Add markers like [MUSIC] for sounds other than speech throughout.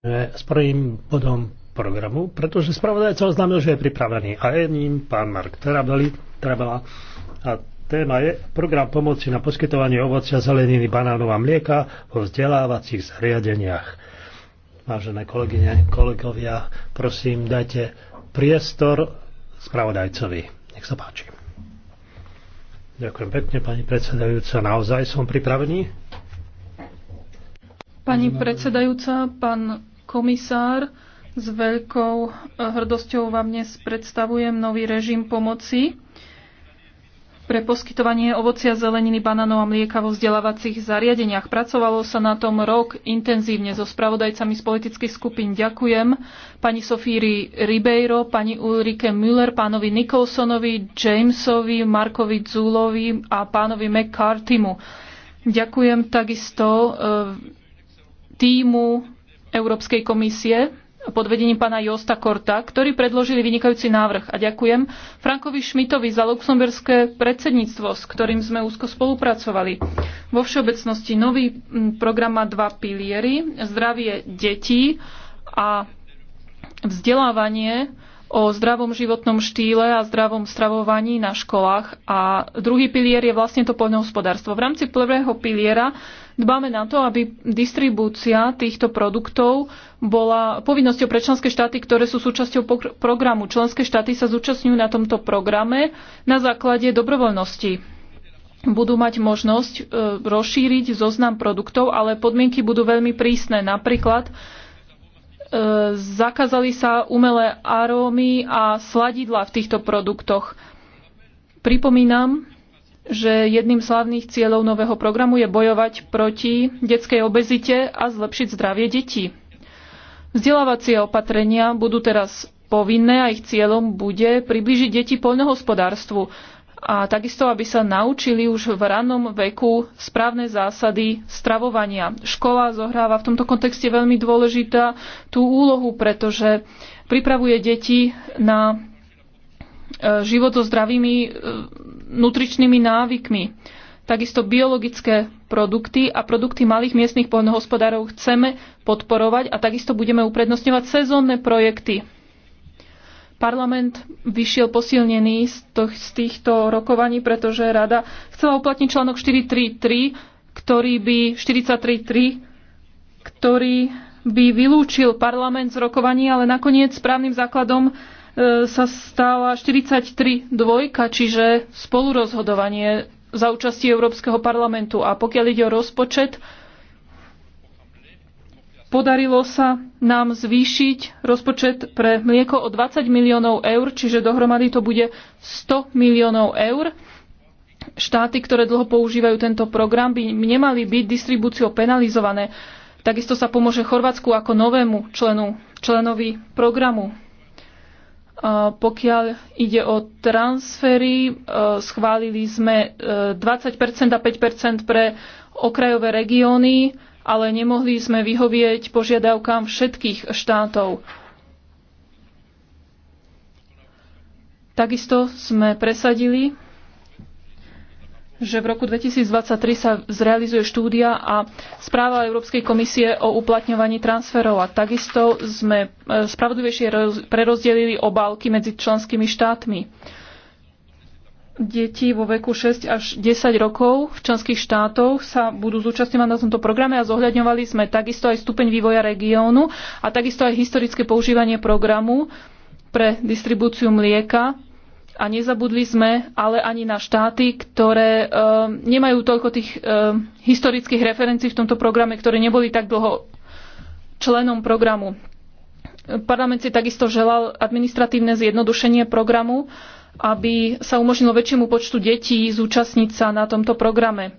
E, s prvým bodom programu, pretože spravodajca oznámil, že je pripravený a je ním pán Mark Terabeli, Terabela a téma je program pomoci na poskytovanie ovocia, zeleniny, banánov a mlieka vo vzdelávacích zariadeniach. Vážené kolegyne, kolegovia, prosím, dajte priestor spravodajcovi. Nech sa páči. Ďakujem pekne, pani predsedajúca. Naozaj som pripravený. Pani predsedajúca, pán komisár. S veľkou eh, hrdosťou vám dnes predstavujem nový režim pomoci pre poskytovanie ovocia, zeleniny, bananov a mlieka vo vzdelávacích zariadeniach. Pracovalo sa na tom rok intenzívne so spravodajcami z politických skupín. Ďakujem pani Sofíri Ribeiro, pani Ulrike Müller, pánovi Nicholsonovi, Jamesovi, Markovi Zulovi a pánovi McCartymu. Ďakujem takisto eh, týmu Európskej komisie pod vedením pána Josta Korta, ktorí predložili vynikajúci návrh. A ďakujem Frankovi Šmitovi za luxemburské predsedníctvo, s ktorým sme úzko spolupracovali. Vo všeobecnosti nový program má dva piliery. Zdravie detí a vzdelávanie o zdravom životnom štýle a zdravom stravovaní na školách. A druhý pilier je vlastne to poľnohospodárstvo. V rámci prvého piliera dbáme na to, aby distribúcia týchto produktov bola povinnosťou pre členské štáty, ktoré sú súčasťou programu. Členské štáty sa zúčastňujú na tomto programe na základe dobrovoľnosti budú mať možnosť e, rozšíriť zoznam produktov, ale podmienky budú veľmi prísne. Napríklad E, zakázali sa umelé arómy a sladidla v týchto produktoch. Pripomínam, že jedným z hlavných cieľov nového programu je bojovať proti detskej obezite a zlepšiť zdravie detí. Vzdelávacie opatrenia budú teraz povinné a ich cieľom bude priblížiť deti poľnohospodárstvu a takisto, aby sa naučili už v rannom veku správne zásady stravovania. Škola zohráva v tomto kontexte veľmi dôležitá tú úlohu, pretože pripravuje deti na e, život so zdravými e, nutričnými návykmi. Takisto biologické produkty a produkty malých miestnych poľnohospodárov chceme podporovať a takisto budeme uprednostňovať sezónne projekty Parlament vyšiel posilnený z týchto rokovaní, pretože rada chcela uplatniť článok 433, ktorý by 433, ktorý by vylúčil parlament z rokovaní, ale nakoniec správnym základom e, sa stala 43 dvojka, čiže spolurozhodovanie za účasti Európskeho parlamentu. A pokiaľ ide o rozpočet, Podarilo sa nám zvýšiť rozpočet pre mlieko o 20 miliónov eur, čiže dohromady to bude 100 miliónov eur. Štáty, ktoré dlho používajú tento program, by nemali byť distribúciou penalizované. Takisto sa pomôže Chorvátsku ako novému členu, členovi programu. Pokiaľ ide o transfery, e, schválili sme 20% e, a 5% pre okrajové regióny ale nemohli sme vyhovieť požiadavkám všetkých štátov. Takisto sme presadili, že v roku 2023 sa zrealizuje štúdia a správa Európskej komisie o uplatňovaní transferov. A takisto sme e, spravodlivejšie prerozdelili obálky medzi členskými štátmi. Deti vo veku 6 až 10 rokov v členských štátoch sa budú zúčastňovať na tomto programe a zohľadňovali sme takisto aj stupeň vývoja regiónu a takisto aj historické používanie programu pre distribúciu mlieka a nezabudli sme ale ani na štáty, ktoré e, nemajú toľko tých e, historických referencií v tomto programe, ktoré neboli tak dlho členom programu. Parlament si takisto želal administratívne zjednodušenie programu aby sa umožnilo väčšiemu počtu detí zúčastniť sa na tomto programe.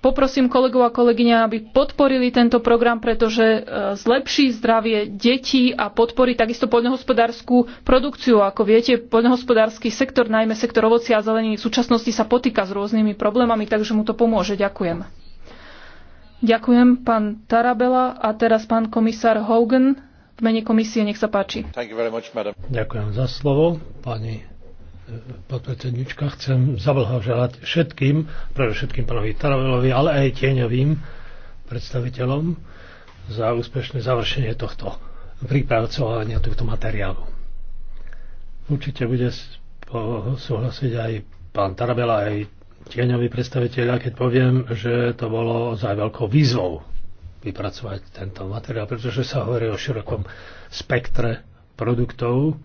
Poprosím kolegov a kolegyňa, aby podporili tento program, pretože e, zlepší zdravie detí a podporí takisto poľnohospodárskú produkciu. Ako viete, poľnohospodársky sektor, najmä sektor ovocia a zeleniny v súčasnosti sa potýka s rôznymi problémami, takže mu to pomôže. Ďakujem. Ďakujem, pán Tarabela. A teraz pán komisár Hogan v mene komisie. Nech sa páči. Ďakujem za slovo, pani podpredsednička, chcem zablahoželať všetkým, všetkým pánovi Taravelovi, ale aj tieňovým predstaviteľom za úspešné završenie tohto pripracovania tohto materiálu. Určite bude súhlasiť aj pán Tarabela, aj tieňový predstaviteľ, keď poviem, že to bolo za veľkou výzvou vypracovať tento materiál, pretože sa hovorí o širokom spektre produktov,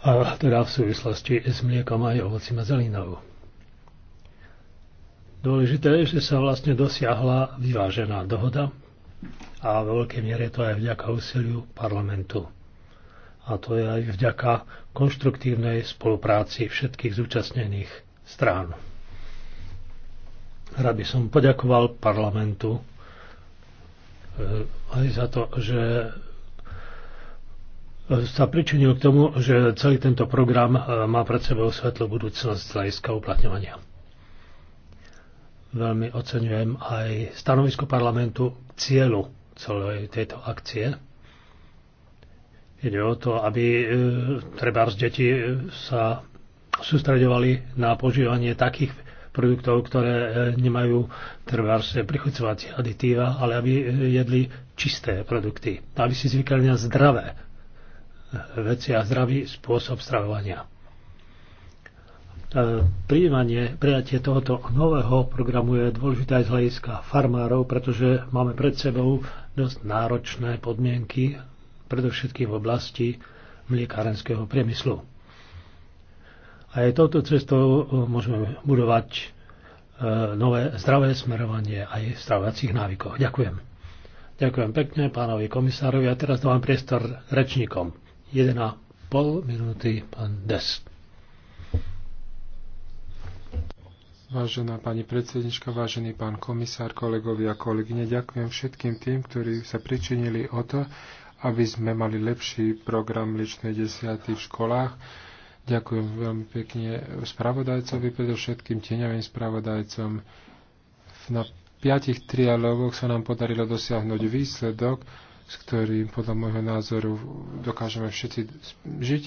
a teda v súvislosti s mliekom aj ovocím a zelinou. Dôležité je, že sa vlastne dosiahla vyvážená dohoda a vo veľkej miere to aj vďaka úsiliu parlamentu. A to je aj vďaka konštruktívnej spolupráci všetkých zúčastnených strán. Rád by som poďakoval parlamentu eh, aj za to, že sa pričinil k tomu, že celý tento program e, má pred sebou svetlo budúcnosť z hľadiska uplatňovania. Veľmi oceňujem aj stanovisko parlamentu k cieľu celej tejto akcie. Ide o to, aby e, treba z deti e, sa sústredovali na požívanie takých produktov, ktoré e, nemajú treba prichucovať aditíva, ale aby jedli čisté produkty, aby si zvykali na zdravé veci a zdravý spôsob stravovania. E, prijímanie, prijatie tohoto nového programu je dôležité aj z hľadiska farmárov, pretože máme pred sebou dosť náročné podmienky, predovšetkým v oblasti mliekárenského priemyslu. A aj touto cestou e, môžeme budovať e, nové zdravé smerovanie aj stravovacích návykov. Ďakujem. Ďakujem pekne pánovi komisárovi a teraz dávam priestor rečníkom. 1,5 minúty pán Des. Vážená pani predsednička, vážený pán komisár, kolegovia a kolegyne, ďakujem všetkým tým, ktorí sa pričinili o to, aby sme mali lepší program ličnej desiaty v školách. Ďakujem veľmi pekne spravodajcovi, predovšetkým tieňovým spravodajcom. Na piatich trialógoch sa nám podarilo dosiahnuť výsledok, s ktorým podľa môjho názoru dokážeme všetci žiť.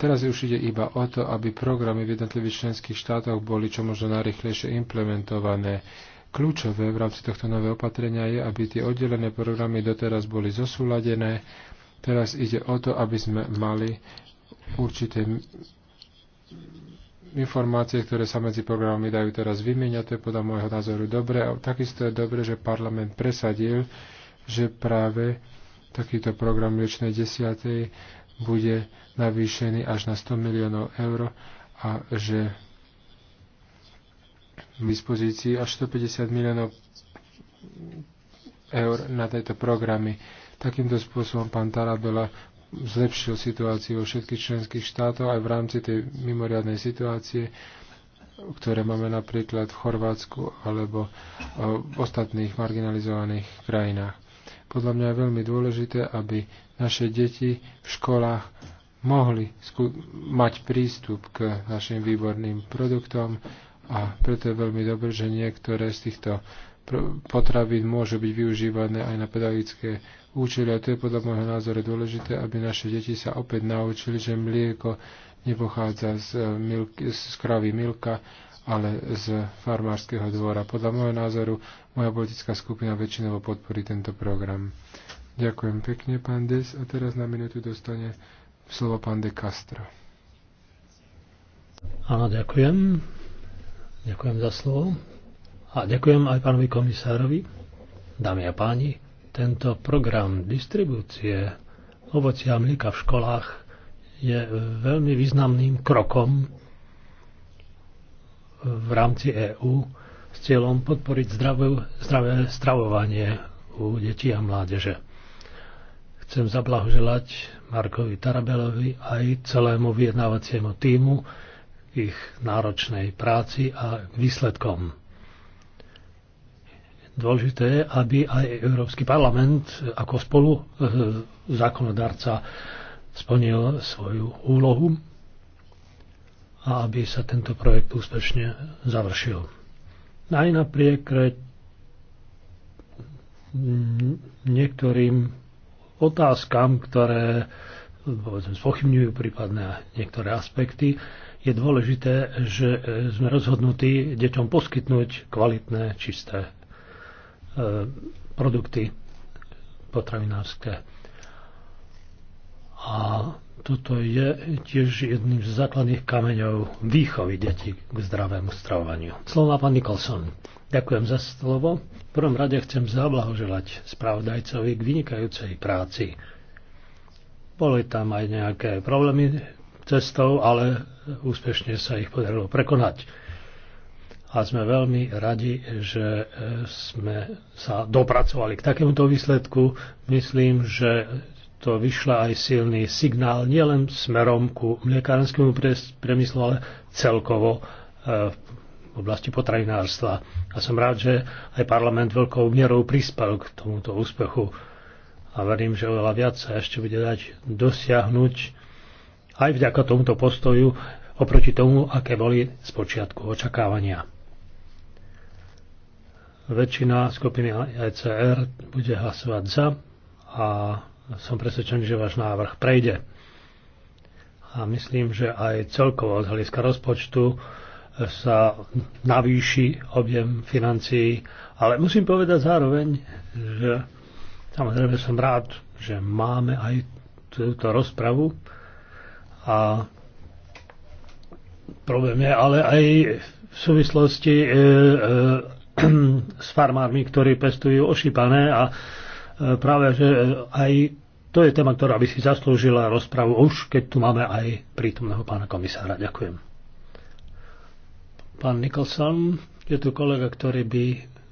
Teraz už ide iba o to, aby programy v jednotlivých členských štátoch boli čo možno najrychlejšie implementované. Kľúčové v rámci tohto nového opatrenia je, aby tie oddelené programy doteraz boli zosúladené. Teraz ide o to, aby sme mali určité informácie, ktoré sa medzi programami dajú teraz vymieňať. To je podľa môjho názoru dobre. A takisto je dobre, že parlament presadil, že práve takýto program Mliečnej desiatej bude navýšený až na 100 miliónov eur a že v dispozícii až 150 miliónov eur na tieto programy. Takýmto spôsobom pán Tarabela zlepšil situáciu vo všetkých členských štátoch aj v rámci tej mimoriadnej situácie, ktoré máme napríklad v Chorvátsku alebo v ostatných marginalizovaných krajinách. Podľa mňa je veľmi dôležité, aby naše deti v školách mohli mať prístup k našim výborným produktom a preto je veľmi dobré, že niektoré z týchto potravín môžu byť využívané aj na pedagogické účely. A to je podľa môjho názoru dôležité, aby naše deti sa opäť naučili, že mlieko nepochádza z, eh, milky, z kravy milka, ale z farmárskeho dvora. Podľa môjho názoru moja politická skupina väčšinovo podporí tento program. Ďakujem pekne, pán Des. A teraz na minútu dostane slovo pán De Castro. Áno, ďakujem. Ďakujem za slovo. A ďakujem aj pánovi komisárovi. Dámy a páni, tento program distribúcie ovocia a mlieka v školách je veľmi významným krokom v rámci EÚ s cieľom podporiť zdravé, zdravé stravovanie u detí a mládeže. Chcem zablahoželať Markovi Tarabelovi aj celému vyjednávaciemu týmu ich náročnej práci a výsledkom. Dôležité je, aby aj Európsky parlament ako spolu e, zákonodárca splnil svoju úlohu a aby sa tento projekt úspešne završil. Aj napriek niektorým otázkam, ktoré povedzme, spochybňujú prípadne niektoré aspekty, je dôležité, že sme rozhodnutí deťom poskytnúť kvalitné, čisté e, produkty potravinárske. A toto je tiež jedným z základných kameňov výchovy detí k zdravému stravovaniu. Slova pán Nicholson, Ďakujem za slovo. V prvom rade chcem zablahoželať spravodajcovi k vynikajúcej práci. Boli tam aj nejaké problémy cestou, ale úspešne sa ich podarilo prekonať. A sme veľmi radi, že e, sme sa dopracovali k takémuto výsledku. Myslím, že to vyšla aj silný signál nielen smerom ku mliekárenskému priemyslu, ale celkovo e, v oblasti potravinárstva. A som rád, že aj parlament veľkou mierou prispel k tomuto úspechu. A verím, že oveľa viac sa ešte bude dať dosiahnuť aj vďaka tomuto postoju oproti tomu, aké boli z počiatku očakávania. Väčšina skupiny ECR bude hlasovať za a som presvedčený, že váš návrh prejde. A myslím, že aj celkovo z hľadiska rozpočtu e, sa navýši objem financií, ale musím povedať zároveň, že samozrejme som rád, že máme aj túto rozpravu a problém je ale aj v súvislosti e, e, [CLEARS THROAT] s farmármi, ktorí pestujú ošípané a E, práve, že e, aj to je téma, ktorá by si zaslúžila rozpravu už, keď tu máme aj prítomného pána komisára. Ďakujem. Pán Nicholson, je tu kolega, ktorý by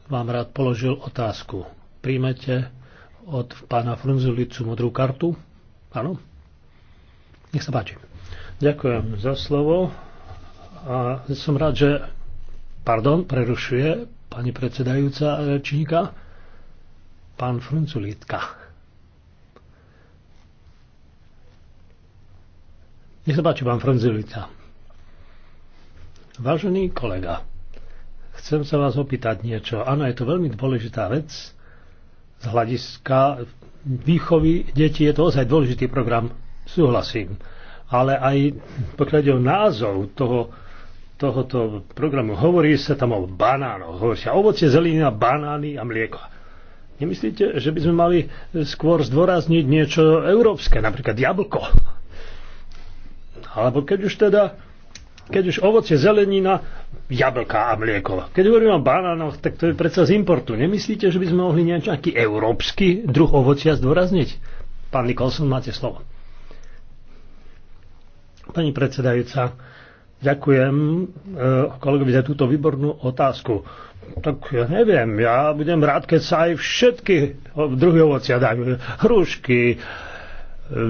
vám rád položil otázku. Príjmete od pána Frunzulicu modrú kartu? Áno? Nech sa páči. Ďakujem za slovo. A som rád, že... Pardon, prerušuje pani predsedajúca rečníka. Pán Frunculítka. Nech sa páči, pán Frunculítka. Vážený kolega, chcem sa vás opýtať niečo. Áno, je to veľmi dôležitá vec z hľadiska výchovy detí. Je to ozaj dôležitý program, súhlasím. Ale aj pokiaľ ide o názov toho, tohoto programu, hovorí sa tam o banánoch, hovorí sa ovoce, zelenina, banány a mlieko. Nemyslíte, že by sme mali skôr zdôrazniť niečo európske, napríklad jablko? Alebo keď už teda, keď už ovocie, zelenina, jablka a mlieko. Keď hovoríme o banánoch, tak to je predsa z importu. Nemyslíte, že by sme mohli nejaký európsky druh ovocia zdôrazniť? Pán Nikolson, máte slovo. Pani predsedajúca, Ďakujem eh, kolegovi za túto výbornú otázku. Tak ja neviem, ja budem rád, keď sa aj všetky druhé ovocia dajú. Hrušky, eh,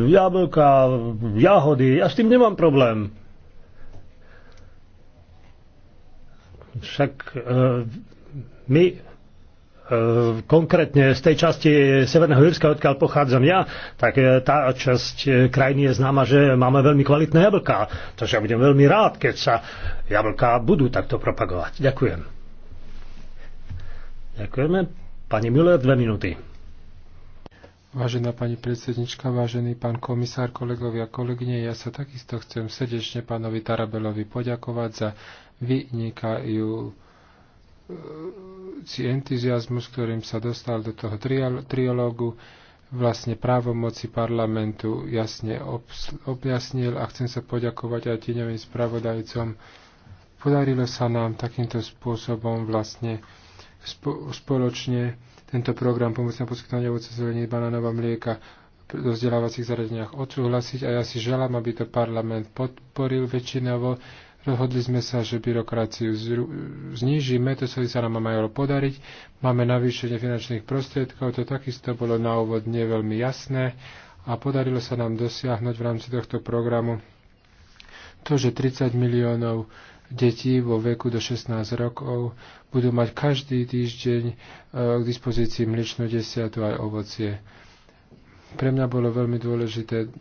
jablka, jahody, ja s tým nemám problém. Však eh, my Eh, konkrétne z tej časti Severného Jurska, odkiaľ pochádzam ja, tak eh, tá časť eh, krajiny je známa, že máme veľmi kvalitné jablka. Takže ja budem veľmi rád, keď sa jablka budú takto propagovať. Ďakujem. Ďakujeme. Pani Müller, dve minúty. Vážená pani predsednička, vážený pán komisár, kolegovia, kolegyne, ja sa takisto chcem srdečne pánovi Tarabelovi poďakovať za vynikajú si entuziasmus, ktorým sa dostal do toho triológu, vlastne právomoci parlamentu jasne objasnil a chcem sa poďakovať aj tieňovým spravodajcom. Podarilo sa nám takýmto spôsobom vlastne spoločne tento program pomoc poskytovania poskytovanie ovoce zelení banánového mlieka do vzdelávacích zariadeniach odsúhlasiť a ja si želám, aby to parlament podporil väčšinovo Rozhodli sme sa, že byrokraciu znížime, to sa, sa nám malo podariť. Máme navýšenie finančných prostriedkov, to takisto bolo na úvod nie veľmi jasné a podarilo sa nám dosiahnuť v rámci tohto programu to, že 30 miliónov detí vo veku do 16 rokov budú mať každý týždeň e, k dispozícii mliečnú desiatu aj ovocie. Pre mňa bolo veľmi dôležité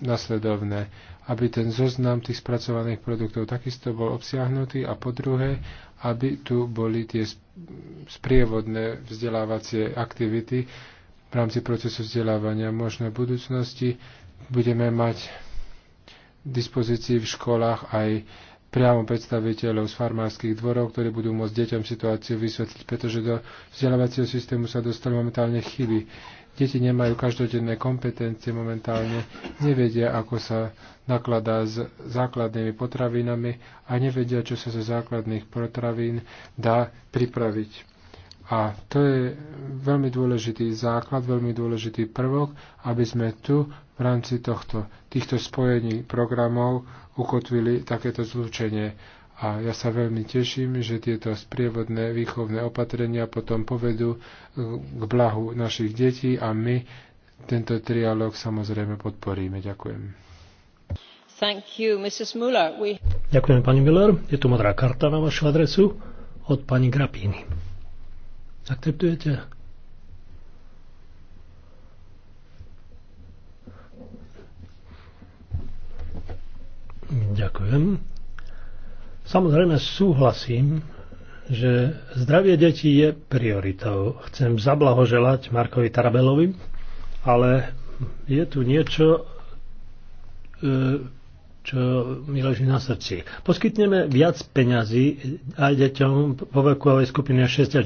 nasledovné, aby ten zoznam tých spracovaných produktov takisto bol obsiahnutý a po druhé, aby tu boli tie sprievodné vzdelávacie aktivity v rámci procesu vzdelávania. možné v budúcnosti budeme mať v dispozícii v školách aj priamo predstaviteľov z farmárskych dvorov, ktorí budú môcť deťom situáciu vysvetliť, pretože do vzdelávacieho systému sa dostali momentálne chyby Deti nemajú každodenné kompetencie momentálne, nevedia, ako sa nakladá s základnými potravinami a nevedia, čo sa zo základných potravín dá pripraviť. A to je veľmi dôležitý základ, veľmi dôležitý prvok, aby sme tu v rámci tohto, týchto spojení programov ukotvili takéto zlúčenie. A ja sa veľmi teším, že tieto sprievodné výchovné opatrenia potom povedú eh, k blahu našich detí a my tento trialog samozrejme podporíme. Ďakujem. Thank you, Mrs. Muller. We... Ďakujem, pani Miller. Je tu modrá karta na vašu adresu od pani Grapíny. Akceptujete? Ďakujem. Samozrejme súhlasím, že zdravie detí je prioritou. Chcem zablahoželať Markovi Tarabelovi, ale je tu niečo, e, čo mi leží na srdci. Poskytneme viac peňazí aj deťom vo vekovej skupine 6 až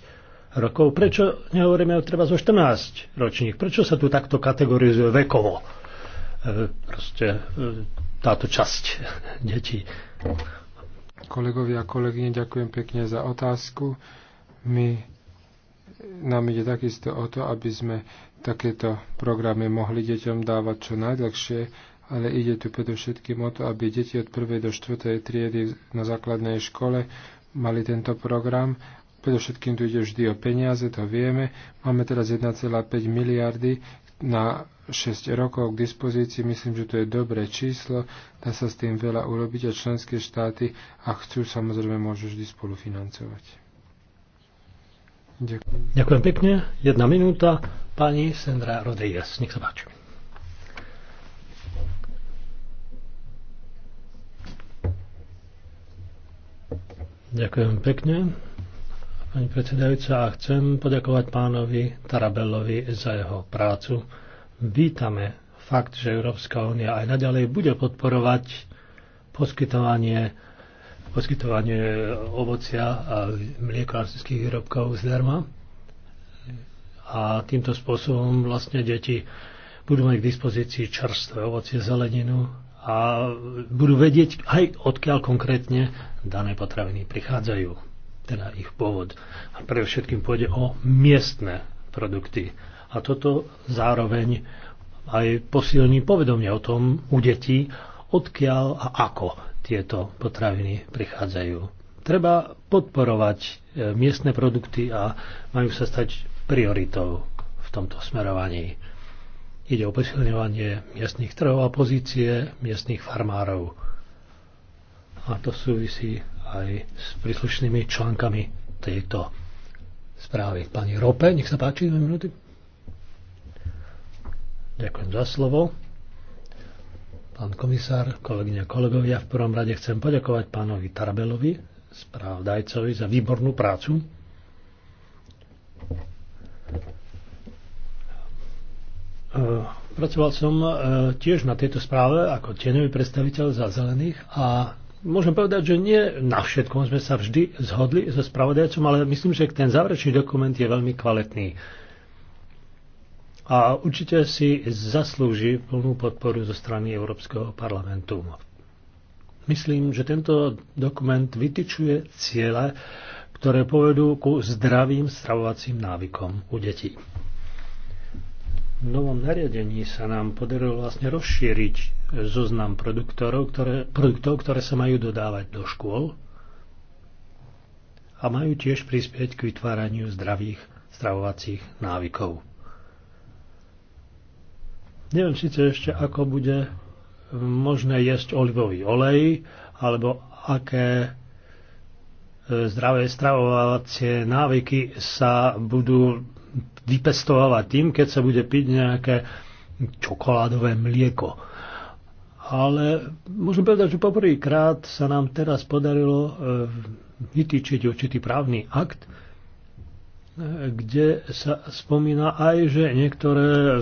10 rokov. Prečo nehovoríme o treba zo 14 ročník? Prečo sa tu takto kategorizuje vekovo? E, proste e, táto časť detí. Kolegovia a kolegyne, ďakujem pekne za otázku. My, nám ide takisto o to, aby sme takéto programy mohli deťom dávať čo najdlhšie, ale ide tu predovšetkým o to, aby deti od 1. do 4. triedy na základnej škole mali tento program. Predovšetkým tu ide vždy o peniaze, to vieme. Máme teraz 1,5 miliardy, na 6 rokov k dispozícii. Myslím, že to je dobré číslo, dá sa s tým veľa urobiť a členské štáty, a chcú, samozrejme môžu vždy spolufinancovať. Ďakujem. Ďakujem pekne. Jedna minúta. Pani Sandra Rodejas, nech sa páči. Ďakujem pekne pani predsedajúca, chcem poďakovať pánovi Tarabellovi za jeho prácu. Vítame fakt, že Európska únia aj naďalej bude podporovať poskytovanie, poskytovanie ovocia a mliekárských výrobkov zdarma. A týmto spôsobom vlastne deti budú mať k dispozícii čerstvé ovocie, zeleninu a budú vedieť aj odkiaľ konkrétne dané potraviny prichádzajú teda ich pôvod. A pre všetkým pôjde o miestne produkty. A toto zároveň aj posilní povedomie o tom u detí, odkiaľ a ako tieto potraviny prichádzajú. Treba podporovať e, miestne produkty a majú sa stať prioritou v tomto smerovaní. Ide o posilňovanie miestnych trhov a pozície miestnych farmárov. A to súvisí aj s príslušnými článkami tejto správy. Pani Rope, nech sa páči, dve minúty. Ďakujem za slovo. Pán komisár, kolegyne a kolegovia, v prvom rade chcem poďakovať pánovi Tarabelovi, správdajcovi, za výbornú prácu. E, pracoval som e, tiež na tejto správe ako tieňový predstaviteľ za zelených a môžem povedať, že nie na všetkom sme sa vždy zhodli so spravodajcom, ale myslím, že ten záverečný dokument je veľmi kvalitný. A určite si zaslúži plnú podporu zo strany Európskeho parlamentu. Myslím, že tento dokument vytyčuje ciele, ktoré povedú ku zdravým stravovacím návykom u detí. V novom nariadení sa nám podarilo vlastne rozšíriť zoznam produktorov, ktoré, produktov, ktoré sa majú dodávať do škôl a majú tiež prispieť k vytváraniu zdravých stravovacích návykov. Neviem síce ešte, ako bude možné jesť olivový olej, alebo aké e, zdravé stravovacie návyky sa budú vypestovávať tým, keď sa bude piť nejaké čokoládové mlieko. Ale môžem povedať, že poprvýkrát sa nám teraz podarilo e, vytýčiť určitý právny akt, e, kde sa spomína aj, že niektoré e,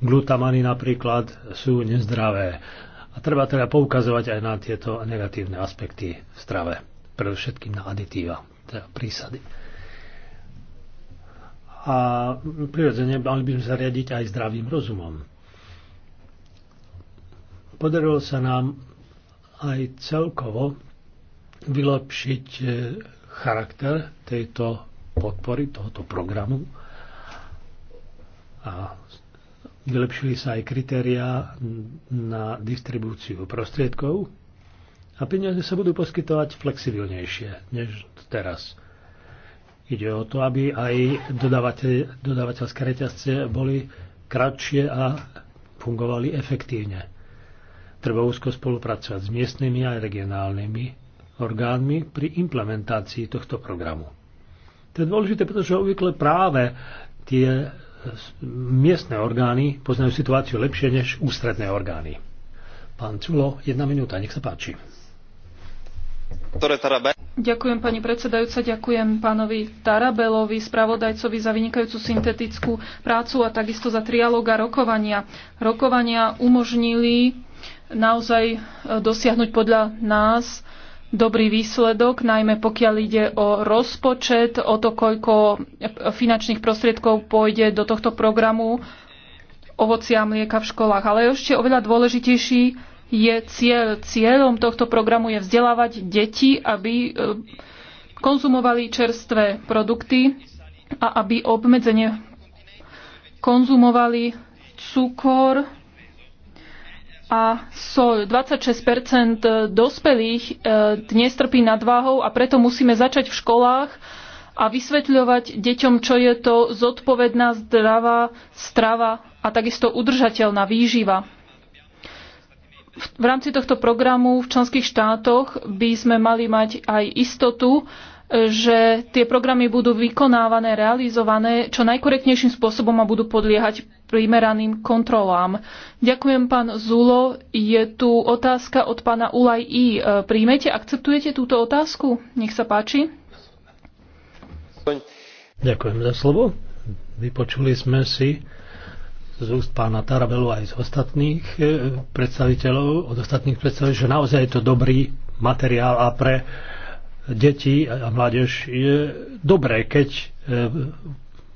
glutamany napríklad sú nezdravé. A treba teda poukazovať aj na tieto negatívne aspekty v strave, predovšetkým na aditíva, teda prísady a prirodzene mali by sme sa riadiť aj zdravým rozumom. Podarilo sa nám aj celkovo vylepšiť e, charakter tejto podpory, tohoto programu a vylepšili sa aj kritériá na distribúciu prostriedkov a peniaze sa budú poskytovať flexibilnejšie než teraz. Ide o to, aby aj dodavateľ, dodavateľské reťazce boli kratšie a fungovali efektívne. Treba úzko spolupracovať s miestnymi a regionálnymi orgánmi pri implementácii tohto programu. To je dôležité, pretože obvykle práve tie miestne orgány poznajú situáciu lepšie než ústredné orgány. Pán Culo, jedna minúta, nech sa páči. Ktoré teda Ďakujem pani predsedajúca, ďakujem pánovi Tarabelovi, spravodajcovi za vynikajúcu syntetickú prácu a takisto za trialóg a rokovania. Rokovania umožnili naozaj e, dosiahnuť podľa nás dobrý výsledok, najmä pokiaľ ide o rozpočet, o to, koľko finančných prostriedkov pôjde do tohto programu ovocia a mlieka v školách. Ale ešte oveľa dôležitejší je cieľ. Cieľom tohto programu je vzdelávať deti, aby e, konzumovali čerstvé produkty a aby obmedzenie konzumovali cukor a sol. 26 dospelých e, dnes trpí váhou, a preto musíme začať v školách a vysvetľovať deťom, čo je to zodpovedná zdravá strava a takisto udržateľná výživa v rámci tohto programu v členských štátoch by sme mali mať aj istotu, že tie programy budú vykonávané, realizované čo najkorektnejším spôsobom a budú podliehať primeraným kontrolám. Ďakujem, pán Zulo. Je tu otázka od pána Ulaj I. E, príjmete, akceptujete túto otázku? Nech sa páči. Ďakujem za slovo. Vypočuli sme si z úst pána Tarabelu aj z ostatných e, predstaviteľov, od ostatných predstaviteľov, že naozaj je to dobrý materiál a pre deti a mládež je dobré, keď e,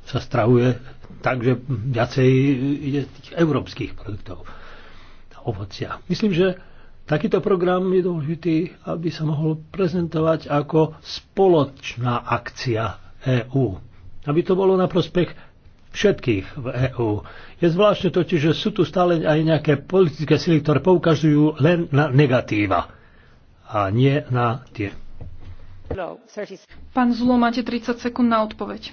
sa strahuje tak, že viacej ide tých európskych produktov a ovocia. Myslím, že takýto program je dôležitý, aby sa mohol prezentovať ako spoločná akcia EÚ. Aby to bolo na prospech všetkých v EÚ. Je zvláštne totiž, že sú tu stále aj nejaké politické sily, ktoré poukazujú len na negatíva a nie na tie. Pán Zulo, máte 30 sekúnd na odpoveď.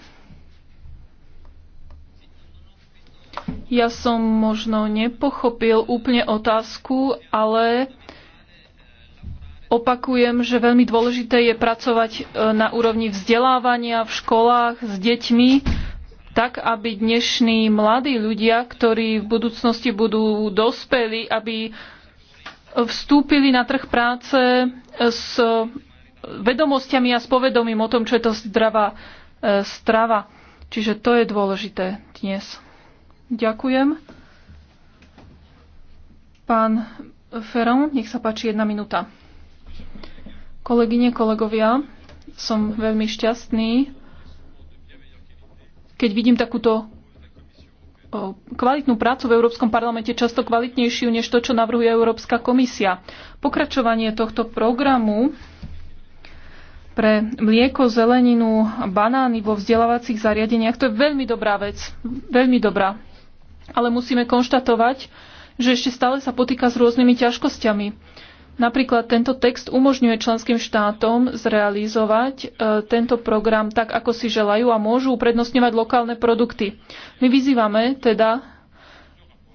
Ja som možno nepochopil úplne otázku, ale opakujem, že veľmi dôležité je pracovať e, na úrovni vzdelávania v školách s deťmi tak aby dnešní mladí ľudia, ktorí v budúcnosti budú dospeli, aby vstúpili na trh práce s vedomostiami a s povedomím o tom, čo je to zdravá e, strava. Čiže to je dôležité dnes. Ďakujem. Pán Ferron, nech sa páči jedna minúta. Kolegyne, kolegovia, som veľmi šťastný, keď vidím takúto kvalitnú prácu v Európskom parlamente, často kvalitnejšiu než to, čo navrhuje Európska komisia. Pokračovanie tohto programu pre mlieko, zeleninu, banány vo vzdelávacích zariadeniach, to je veľmi dobrá vec. Veľmi dobrá. Ale musíme konštatovať, že ešte stále sa potýka s rôznymi ťažkosťami. Napríklad tento text umožňuje členským štátom zrealizovať e, tento program tak, ako si želajú a môžu uprednostňovať lokálne produkty. My vyzývame teda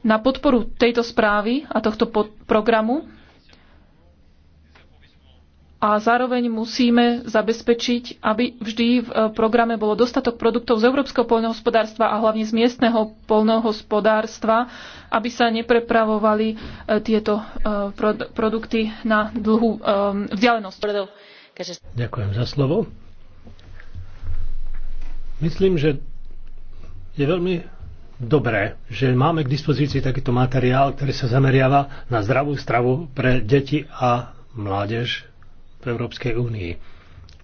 na podporu tejto správy a tohto programu a zároveň musíme zabezpečiť, aby vždy v e, programe bolo dostatok produktov z európskeho poľnohospodárstva a hlavne z miestneho poľnohospodárstva, aby sa neprepravovali e, tieto e, produkty na dlhú vzdialenosť. Ďakujem za slovo. Myslím, že je veľmi dobré, že máme k dispozícii takýto materiál, ktorý sa zameriava na zdravú stravu pre deti a mládež v Európskej únii.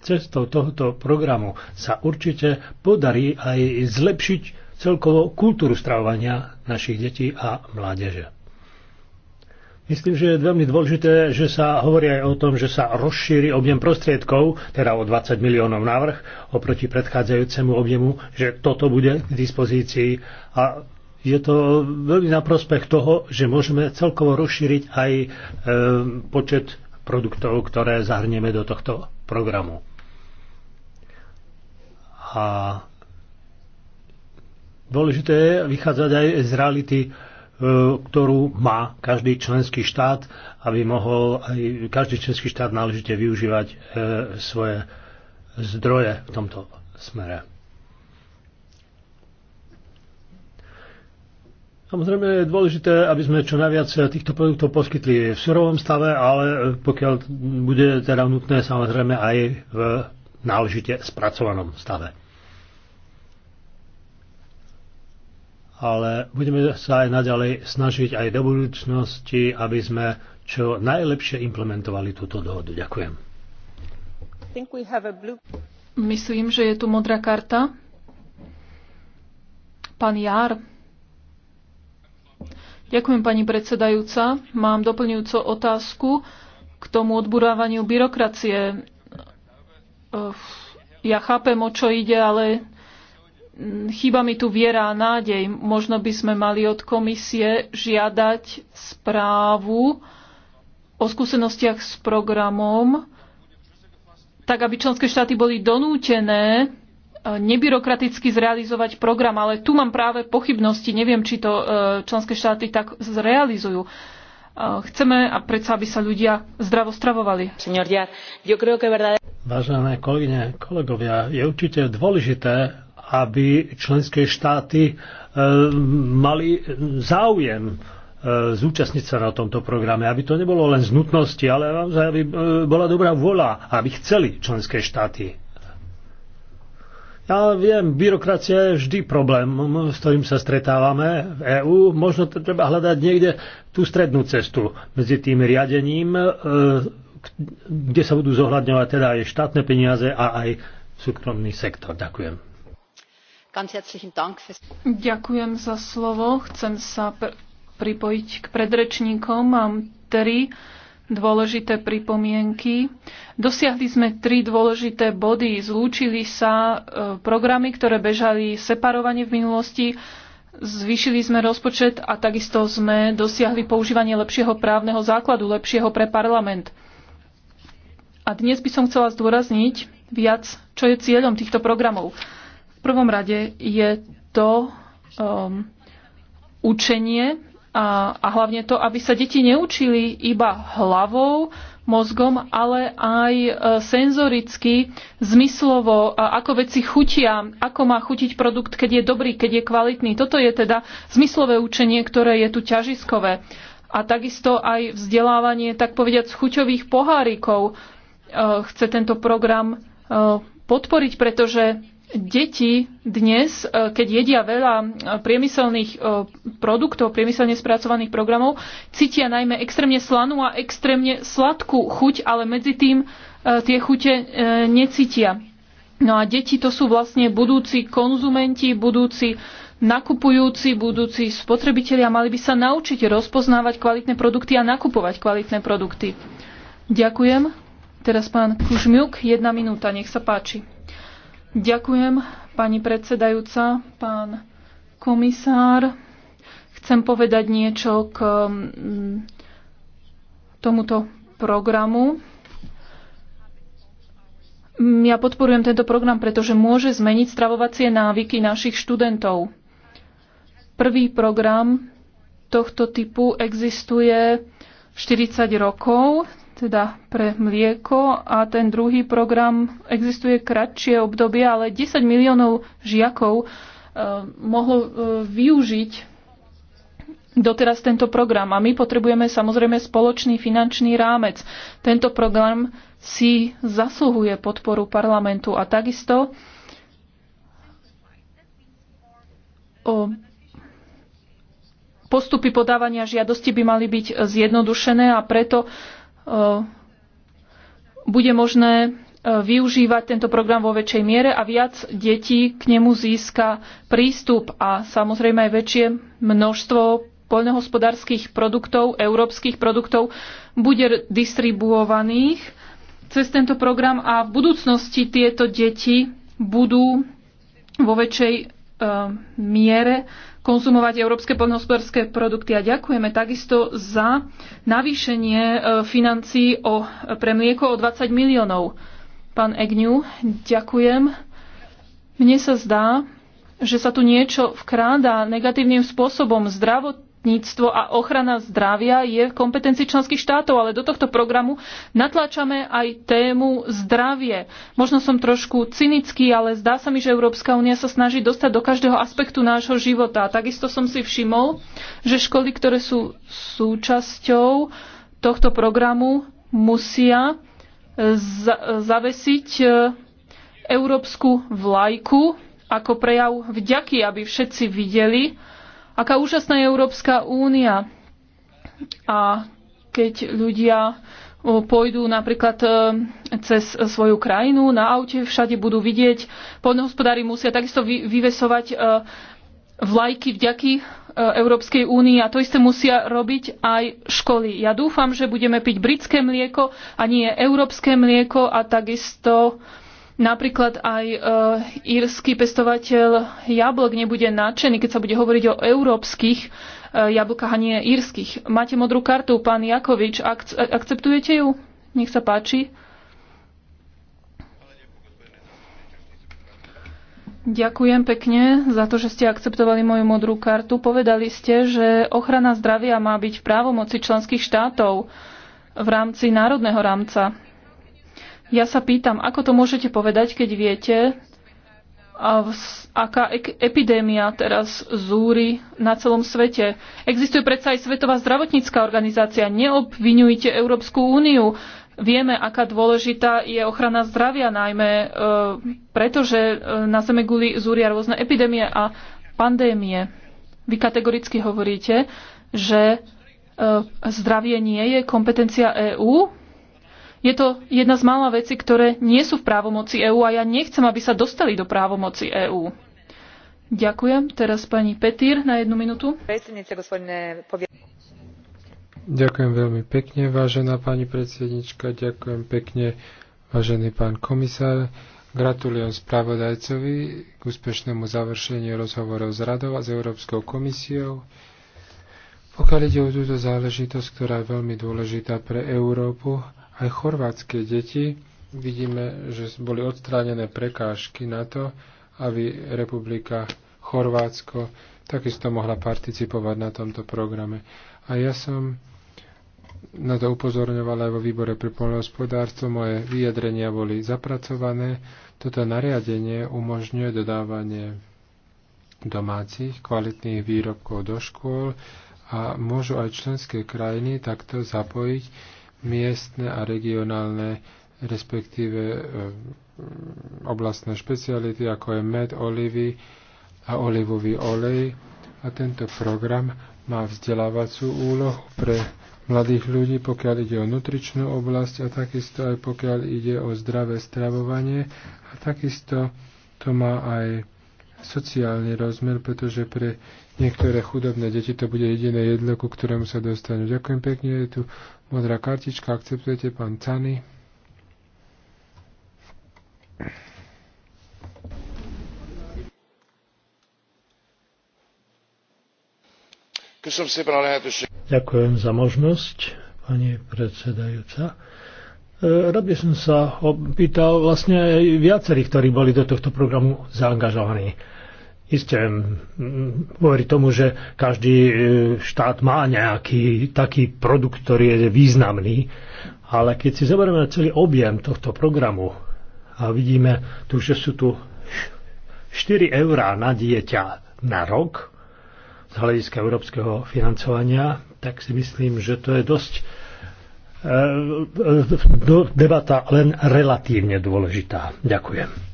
Cestou tohoto programu sa určite podarí aj zlepšiť celkovo kultúru stravovania našich detí a mládeže. Myslím, že je veľmi dôležité, že sa hovorí aj o tom, že sa rozšíri objem prostriedkov, teda o 20 miliónov návrh oproti predchádzajúcemu objemu, že toto bude k dispozícii. A je to veľmi na prospech toho, že môžeme celkovo rozšíriť aj e, počet produktov, ktoré zahrnieme do tohto programu. A dôležité je vychádzať aj z reality, e, ktorú má každý členský štát, aby mohol aj každý členský štát náležite využívať e, svoje zdroje v tomto smere. Samozrejme je dôležité, aby sme čo najviac týchto produktov poskytli v surovom stave, ale e, pokiaľ bude teda nutné, samozrejme aj v náležite spracovanom stave. ale budeme sa aj naďalej snažiť aj do budúcnosti, aby sme čo najlepšie implementovali túto dohodu. Ďakujem. Myslím, že je tu modrá karta. Pán Jár. Ďakujem, pani predsedajúca. Mám doplňujúcu otázku k tomu odburávaniu byrokracie. Ja chápem, o čo ide, ale chýba mi tu viera a nádej. Možno by sme mali od komisie žiadať správu o skúsenostiach s programom, tak aby členské štáty boli donútené E, nebyrokraticky zrealizovať program, ale tu mám práve pochybnosti, neviem, či to e, členské štáty tak zrealizujú. E, chceme a predsa, aby sa ľudia zdravo stravovali. Vážené kolegyne, kolegovia, je určite dôležité, aby členské štáty mali záujem zúčastniť sa na tomto programe, aby to nebolo len z nutnosti, ale naozaj, aby bola dobrá vôľa, aby chceli členské štáty ja viem, byrokracia je vždy problém, s ktorým sa stretávame v EÚ. Možno to treba hľadať niekde tú strednú cestu medzi tým riadením, e, kde sa budú zohľadňovať teda aj štátne peniaze a aj súkromný sektor. Ďakujem. Ďakujem za slovo. Chcem sa pripojiť k predrečníkom. Mám tri dôležité pripomienky. Dosiahli sme tri dôležité body. Zlúčili sa e, programy, ktoré bežali separovane v minulosti. Zvýšili sme rozpočet a takisto sme dosiahli používanie lepšieho právneho základu, lepšieho pre parlament. A dnes by som chcela zdôrazniť viac, čo je cieľom týchto programov. V prvom rade je to um, učenie a, a hlavne to, aby sa deti neučili iba hlavou, mozgom, ale aj e, senzoricky, zmyslovo, ako veci chutia, ako má chutiť produkt, keď je dobrý, keď je kvalitný. Toto je teda zmyslové učenie, ktoré je tu ťažiskové. A takisto aj vzdelávanie, tak povediať, z chuťových pohárikov e, chce tento program e, podporiť, pretože Deti dnes, e, keď jedia veľa e, priemyselných e, produktov, priemyselne spracovaných programov, cítia najmä extrémne slanú a extrémne sladkú chuť, ale medzi tým tie chute necítia. No a deti to sú vlastne budúci konzumenti, budúci nakupujúci, budúci spotrebitelia mali by sa naučiť rozpoznávať kvalitné produkty a nakupovať kvalitné produkty. Ďakujem. Teraz pán Kužmiuk, jedna minúta, nech sa páči. Ďakujem, pani predsedajúca, pán komisár. Chcem povedať niečo k mm, tomuto programu. Mm, ja podporujem tento program, pretože môže zmeniť stravovacie návyky našich študentov. Prvý program tohto typu existuje 40 rokov teda pre mlieko a ten druhý program existuje kratšie obdobie, ale 10 miliónov žiakov e, mohlo e, využiť doteraz tento program. A my potrebujeme samozrejme spoločný finančný rámec. Tento program si zasluhuje podporu parlamentu a takisto o postupy podávania žiadosti by mali byť zjednodušené a preto E, bude možné e, využívať tento program vo väčšej miere a viac detí k nemu získa prístup a samozrejme aj väčšie množstvo poľnohospodárskych produktov, európskych produktov bude distribuovaných cez tento program a v budúcnosti tieto deti budú vo väčšej e, miere konzumovať európske poľnohospodárske produkty. A ďakujeme takisto za navýšenie e, financí o, pre mlieko o 20 miliónov. Pán Egňu, ďakujem. Mne sa zdá, že sa tu niečo vkráda negatívnym spôsobom. zdravotným zdravotníctvo a ochrana zdravia je v kompetencii členských štátov, ale do tohto programu natláčame aj tému zdravie. Možno som trošku cynický, ale zdá sa mi, že Európska únia sa snaží dostať do každého aspektu nášho života. Takisto som si všimol, že školy, ktoré sú súčasťou tohto programu, musia e, zavesiť e, európsku vlajku ako prejav vďaky, aby všetci videli, Aká úžasná je Európska únia. A keď ľudia pôjdu napríklad e, cez svoju krajinu na aute, všade budú vidieť, poľnohospodári musia takisto vyvesovať e, vlajky vďaky e, Európskej únii a to isté musia robiť aj školy. Ja dúfam, že budeme piť britské mlieko a nie európske mlieko a takisto uh, Napríklad aj e, írsky pestovateľ jablok nebude nadšený, keď sa bude hovoriť o európskych e, jablkách a nie írskych. Máte modrú kartu, pán Jakovič, ak, e, akceptujete ju? Nech sa páči. Ďakujem pekne za to, že ste akceptovali moju modrú kartu. Povedali ste, že ochrana zdravia má byť v právomoci členských štátov v rámci národného rámca. Ja sa pýtam, ako to môžete povedať, keď viete, aká epidémia teraz zúri na celom svete. Existuje predsa aj Svetová zdravotnícká organizácia. Neobvinujte Európsku úniu. Vieme, aká dôležitá je ochrana zdravia, najmä e, pretože e, na Zeme guli zúria rôzne epidémie a pandémie. Vy kategoricky hovoríte, že e, zdravie nie je kompetencia EÚ, je to jedna z mála vecí, ktoré nie sú v právomoci EÚ a ja nechcem, aby sa dostali do právomoci EÚ. Ďakujem. Teraz pani Petír na jednu minútu. Ďakujem veľmi pekne, vážená pani predsednička. Ďakujem pekne, vážený pán komisár. Gratulujem spravodajcovi k úspešnému završeniu rozhovorov s Radou a s Európskou komisiou. Pokiaľ ide o túto záležitosť, ktorá je veľmi dôležitá pre Európu, aj chorvátske deti vidíme, že boli odstránené prekážky na to, aby Republika Chorvátsko takisto mohla participovať na tomto programe. A ja som na to upozorňovala aj vo výbore pre poľnohospodárstvo. Moje vyjadrenia boli zapracované. Toto nariadenie umožňuje dodávanie domácich kvalitných výrobkov do škôl a môžu aj členské krajiny takto zapojiť miestne a regionálne, respektíve e, oblastné špeciality, ako je med, olivy a olivový olej. A tento program má vzdelávacú úlohu pre mladých ľudí, pokiaľ ide o nutričnú oblasť a takisto aj pokiaľ ide o zdravé stravovanie. A takisto to má aj sociálny rozmer, pretože pre niektoré chudobné deti to bude jediné jedlo, ku ktorému sa dostanú. Ďakujem pekne, je tu modrá kartička, akceptujete pán Cany. Ďakujem za možnosť, pani predsedajúca. E, rád by som sa opýtal vlastne aj viacerých, ktorí boli do tohto programu zaangažovaní. Isté, hovorí tomu, že každý e, štát má nejaký taký produkt, ktorý je významný, ale keď si zoberieme celý objem tohto programu a vidíme tu, že sú tu 4 eurá na dieťa na rok z hľadiska európskeho financovania, tak si myslím, že to je dosť e, e, debata len relatívne dôležitá. Ďakujem.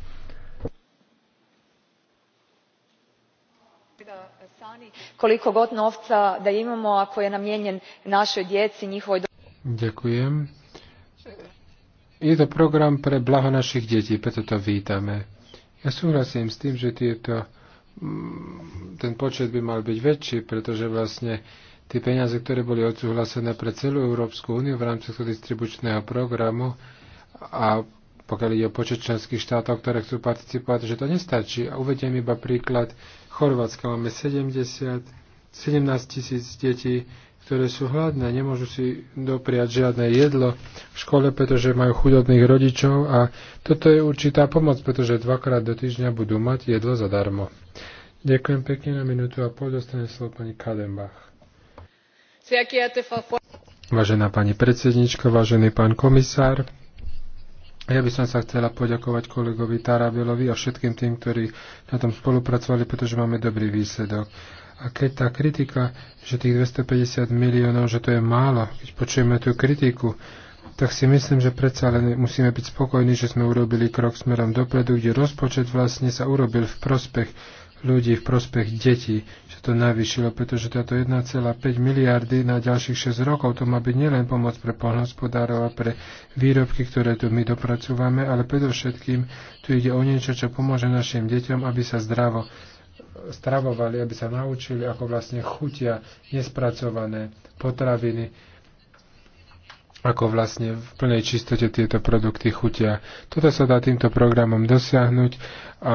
koliko god novca da imamo ako je namijenjen našoj djeci njihovoj Ďakujem. Je to program pre blaho našich detí, preto to vítame. Ja súhlasím s tým, že tieto, mm, ten počet by mal byť väčší, pretože vlastne tie peniaze, ktoré boli odsúhlasené pre celú Európsku úniu v rámci toho distribučného programu a pokiaľ ide o počet členských štátov, ktoré chcú participovať, že to nestačí. A uvediem iba príklad Chorvátska máme 70, 17 tisíc detí, ktoré sú hladné, nemôžu si dopriať žiadne jedlo v škole, pretože majú chudobných rodičov a toto je určitá pomoc, pretože dvakrát do týždňa budú mať jedlo zadarmo. Ďakujem pekne na minútu a pol dostane slovo pani Kadenbach. Vážená pani predsednička, vážený pán komisár, ja by som sa chcela poďakovať kolegovi Tarabelovi a všetkým tým, ktorí na tom spolupracovali, pretože máme dobrý výsledok. A keď tá kritika, že tých 250 miliónov, že to je málo, keď počujeme tú kritiku, tak si myslím, že predsa len musíme byť spokojní, že sme urobili krok smerom dopredu, kde rozpočet vlastne sa urobil v prospech ľudí v prospech detí, že to navýšilo, pretože táto 1,5 miliardy na ďalších 6 rokov to má byť nielen pomoc pre poľnohospodárov a pre výrobky, ktoré tu my dopracúvame, ale predovšetkým tu ide o niečo, čo pomôže našim deťom, aby sa zdravo stravovali, aby sa naučili, ako vlastne chutia nespracované potraviny, ako vlastne v plnej čistote tieto produkty chutia. Toto sa dá týmto programom dosiahnuť a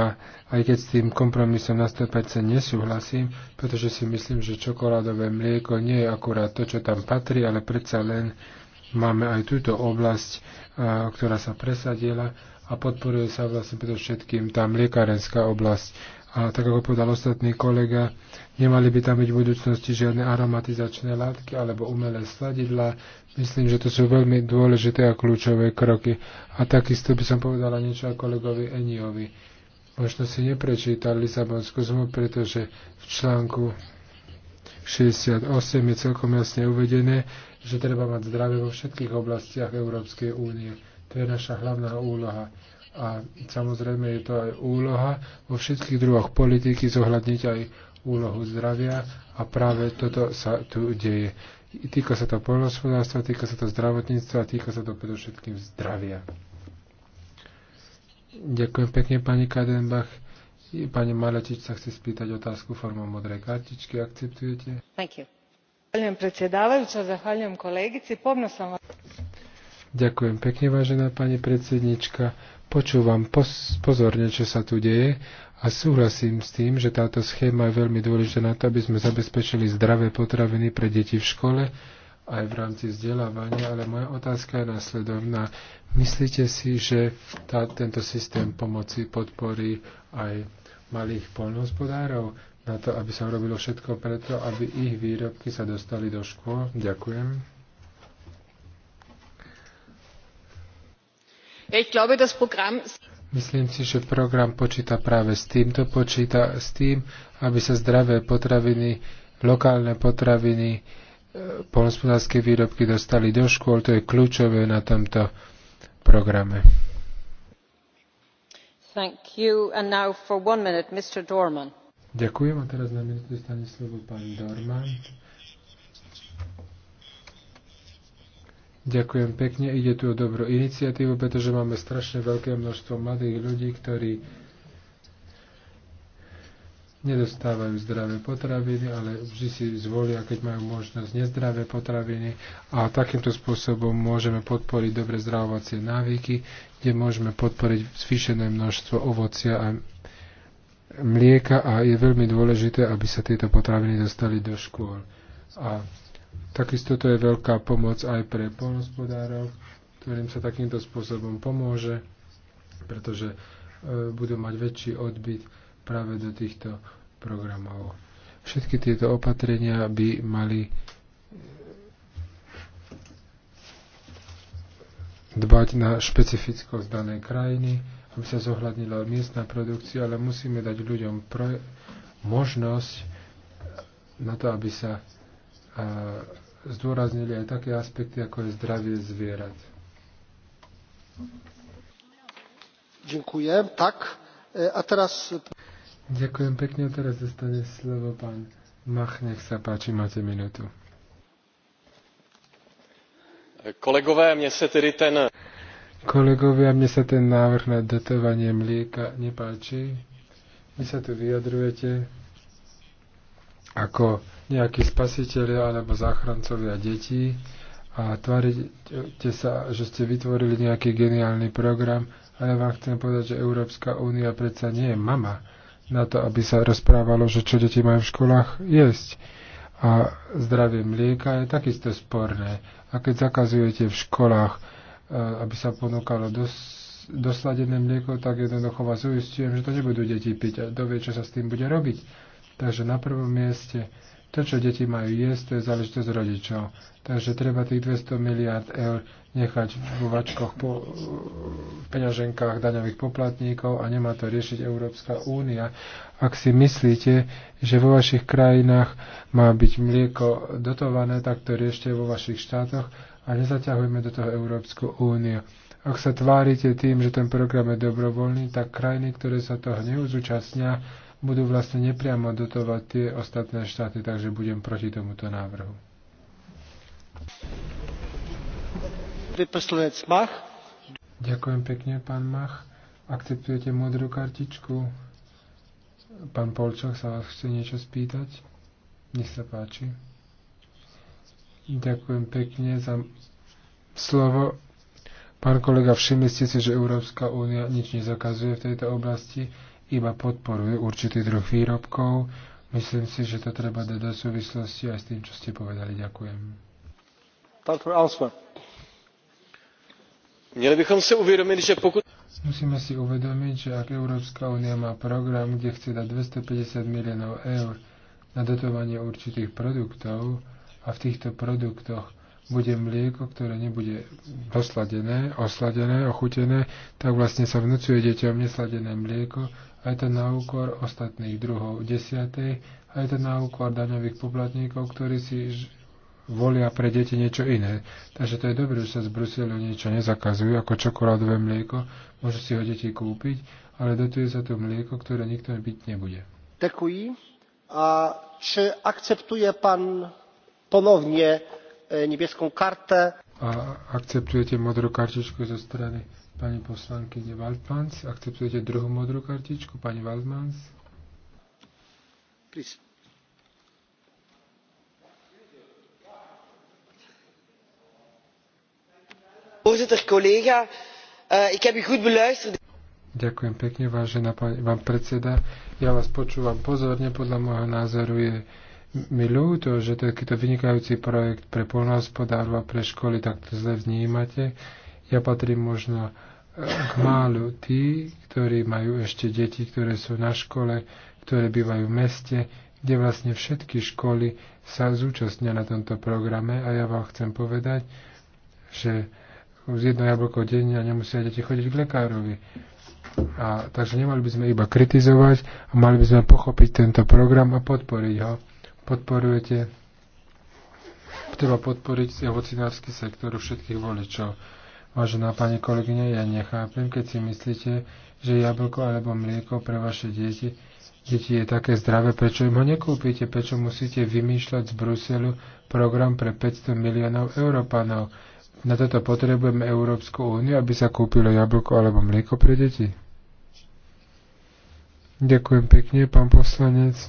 aj keď s tým kompromisom na 100% nesúhlasím, pretože si myslím, že čokoládové mlieko nie je akurát to, čo tam patrí, ale predsa len máme aj túto oblasť, ktorá sa presadila a podporuje sa vlastne predovšetkým tá mliekarenská oblasť. A tak ako povedal ostatný kolega, nemali by tam byť v budúcnosti žiadne aromatizačné látky alebo umelé sladidla. Myslím, že to sú veľmi dôležité a kľúčové kroky. A takisto by som povedala niečo aj kolegovi Eniovi možno si neprečítali Lisabonskú zmluvu, pretože v článku 68 je celkom jasne uvedené, že treba mať zdravie vo všetkých oblastiach Európskej únie. To je naša hlavná úloha. A samozrejme je to aj úloha vo všetkých druhoch politiky zohľadniť aj úlohu zdravia a práve toto sa tu deje. Týka sa to poľnohospodárstva, týka sa to zdravotníctva, týka sa to predovšetkým zdravia. Ďakujem pekne, pani Kadenbach. Pani Maletič sa chce spýtať otázku formou modrej kartičky. Akceptujete? Thank you. Zahvaljujem kolegici. Pomno som vás... Ďakujem pekne, vážená pani predsednička. Počúvam pozorne, čo sa tu deje a súhlasím s tým, že táto schéma je veľmi dôležitá na to, aby sme zabezpečili zdravé potraviny pre deti v škole, aj v rámci vzdelávania, ale moja otázka je následovná. Myslíte si, že tá, tento systém pomoci podporí aj malých polnohospodárov na to, aby sa robilo všetko preto, aby ich výrobky sa dostali do škôl? Ďakujem. Myslím si, že program počíta práve s týmto, počíta s tým, aby sa zdravé potraviny, lokálne potraviny, polnospodárske výrobky dostali do škôl, to je kľúčové na tomto programe. Thank you. And now for one minute, Mr. Dorman. Ďakujem a teraz na minútu dostane slovo pán Dorman. Ďakujem pekne, ide tu o dobrú iniciatívu, pretože máme strašne veľké množstvo mladých ľudí, ktorí nedostávajú zdravé potraviny, ale vždy si zvolia, keď majú možnosť, nezdravé potraviny a takýmto spôsobom môžeme podporiť dobre zdravovacie návyky, kde môžeme podporiť zvýšené množstvo ovocia a mlieka a je veľmi dôležité, aby sa tieto potraviny dostali do škôl. A takisto to je veľká pomoc aj pre polnospodárov, ktorým sa takýmto spôsobom pomôže, pretože e, budú mať väčší odbyt práve do týchto programov. Všetky tieto opatrenia by mali dbať na špecifickosť danej krajiny, aby sa zohľadnila miestna produkcia, ale musíme dať ľuďom možnosť na to, aby sa zdôraznili aj také aspekty, ako je zdravie zvierat. Dziękuję. Tak. E, a teraz... Ďakujem pekne, teraz dostane slovo pán Mach, nech sa páči, máte minútu. Kolegové, mne sa tedy ten... Kolegovia, mne sa ten návrh na dotovanie mlieka nepáči. Vy sa tu vyjadrujete ako nejakí spasiteľia alebo záchrancovia detí a tvárite sa, že ste vytvorili nejaký geniálny program, a ja vám chcem povedať, že Európska únia predsa nie je mama na to, aby sa rozprávalo, že čo deti majú v školách jesť. A zdravie mlieka je takisto sporné. A keď zakazujete v školách, e, aby sa ponúkalo dos- dosladené mlieko, tak jednoducho vás uistujem, že to nebudú deti piť a dovie, čo sa s tým bude robiť. Takže na prvom mieste to, čo deti majú jesť, to je záležitosť rodičov. Takže treba tých 200 miliard eur nechať v vačkoch po v peňaženkách daňových poplatníkov a nemá to riešiť Európska únia. Ak si myslíte, že vo vašich krajinách má byť mlieko dotované, tak to riešte vo vašich štátoch a nezaťahujme do toho Európsku úniu. Ak sa tvárite tým, že ten program je dobrovoľný, tak krajiny, ktoré sa toho neuzúčastnia, budú vlastne nepriamo dotovať tie ostatné štáty, takže budem proti tomuto návrhu. Mach. Ďakujem pekne, pán Mach. Akceptujete modrú kartičku? Pán Polčok sa vás chce niečo spýtať? Nech sa páči. Ďakujem pekne za slovo. Pán kolega, všimli ste si, že Európska únia nič nezakazuje v tejto oblasti iba podporuje určitý druh výrobkov. Myslím si, že to treba dať do súvislosti aj s tým, čo ste povedali. Ďakujem. Měli bychom si uvědomit, že pokud... Musíme si uvedomiť, že ak Európska únia má program, kde chce dať 250 miliónov eur na dotovanie určitých produktov a v týchto produktoch bude mlieko, ktoré nebude dosladené, osladené, ochutené, tak vlastne sa vnúcuje deťom nesladené mlieko, a je to na úkor ostatných druhov desiatej a je to na úkor daňových poplatníkov, ktorí si volia pre deti niečo iné. Takže to je dobré, že sa z Bruselu niečo nezakazujú, ako čokoládové mlieko, môžu si ho deti kúpiť, ale dotuje sa to mlieko, ktoré nikto byť nebude. Ďakujem. A či akceptuje pán ponovne e, niebieską kartu? A akceptujete modrú kartičku zo strany Pani poslankyne Waldmans, akceptujete druhú modrú kartičku? Pani Waldmans? Please. Voorzitter, collega, uh, ik heb u goed beluisterd. Ďakujem pekne, vážená pani, vám predseda. Ja vás počúvam pozorne. Podľa môjho názoru je mi ľúto, že takýto vynikajúci projekt pre polnohospodárov a pre školy takto zle vnímate. Ja patrím možno málo tí, ktorí majú ešte deti, ktoré sú na škole, ktoré bývajú v meste, kde vlastne všetky školy sa zúčastnia na tomto programe a ja vám chcem povedať, že z jedno jablko denne nemusia deti chodiť k lekárovi. A, takže nemali by sme iba kritizovať a mali by sme pochopiť tento program a podporiť ho. Podporujete, treba podporiť ovocinársky sektor všetkých voličov Vážená pani kolegyňa, ja nechápem, keď si myslíte, že jablko alebo mlieko pre vaše deti, deti je také zdravé, prečo im ho nekúpite, prečo musíte vymýšľať z Bruselu program pre 500 miliónov Európanov. Na toto potrebujeme Európsku úniu, aby sa kúpilo jablko alebo mlieko pre deti. Ďakujem pekne, pán poslanec.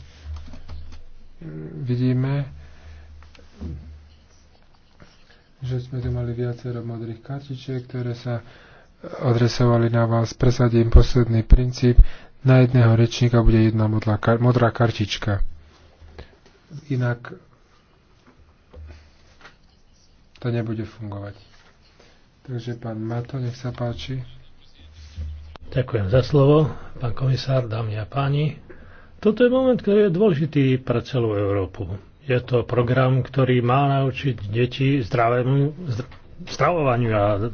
Vidíme, že sme tu mali viacero modrých kartičiek, ktoré sa adresovali na vás. Presadím posledný princíp. Na jedného rečníka bude jedna modlá, kar- modrá kartička. Inak to nebude fungovať. Takže pán Mato, nech sa páči. Ďakujem za slovo, pán komisár, dámy a páni. Toto je moment, ktorý je dôležitý pre celú Európu je to program, ktorý má naučiť deti zdravému, stravovaniu a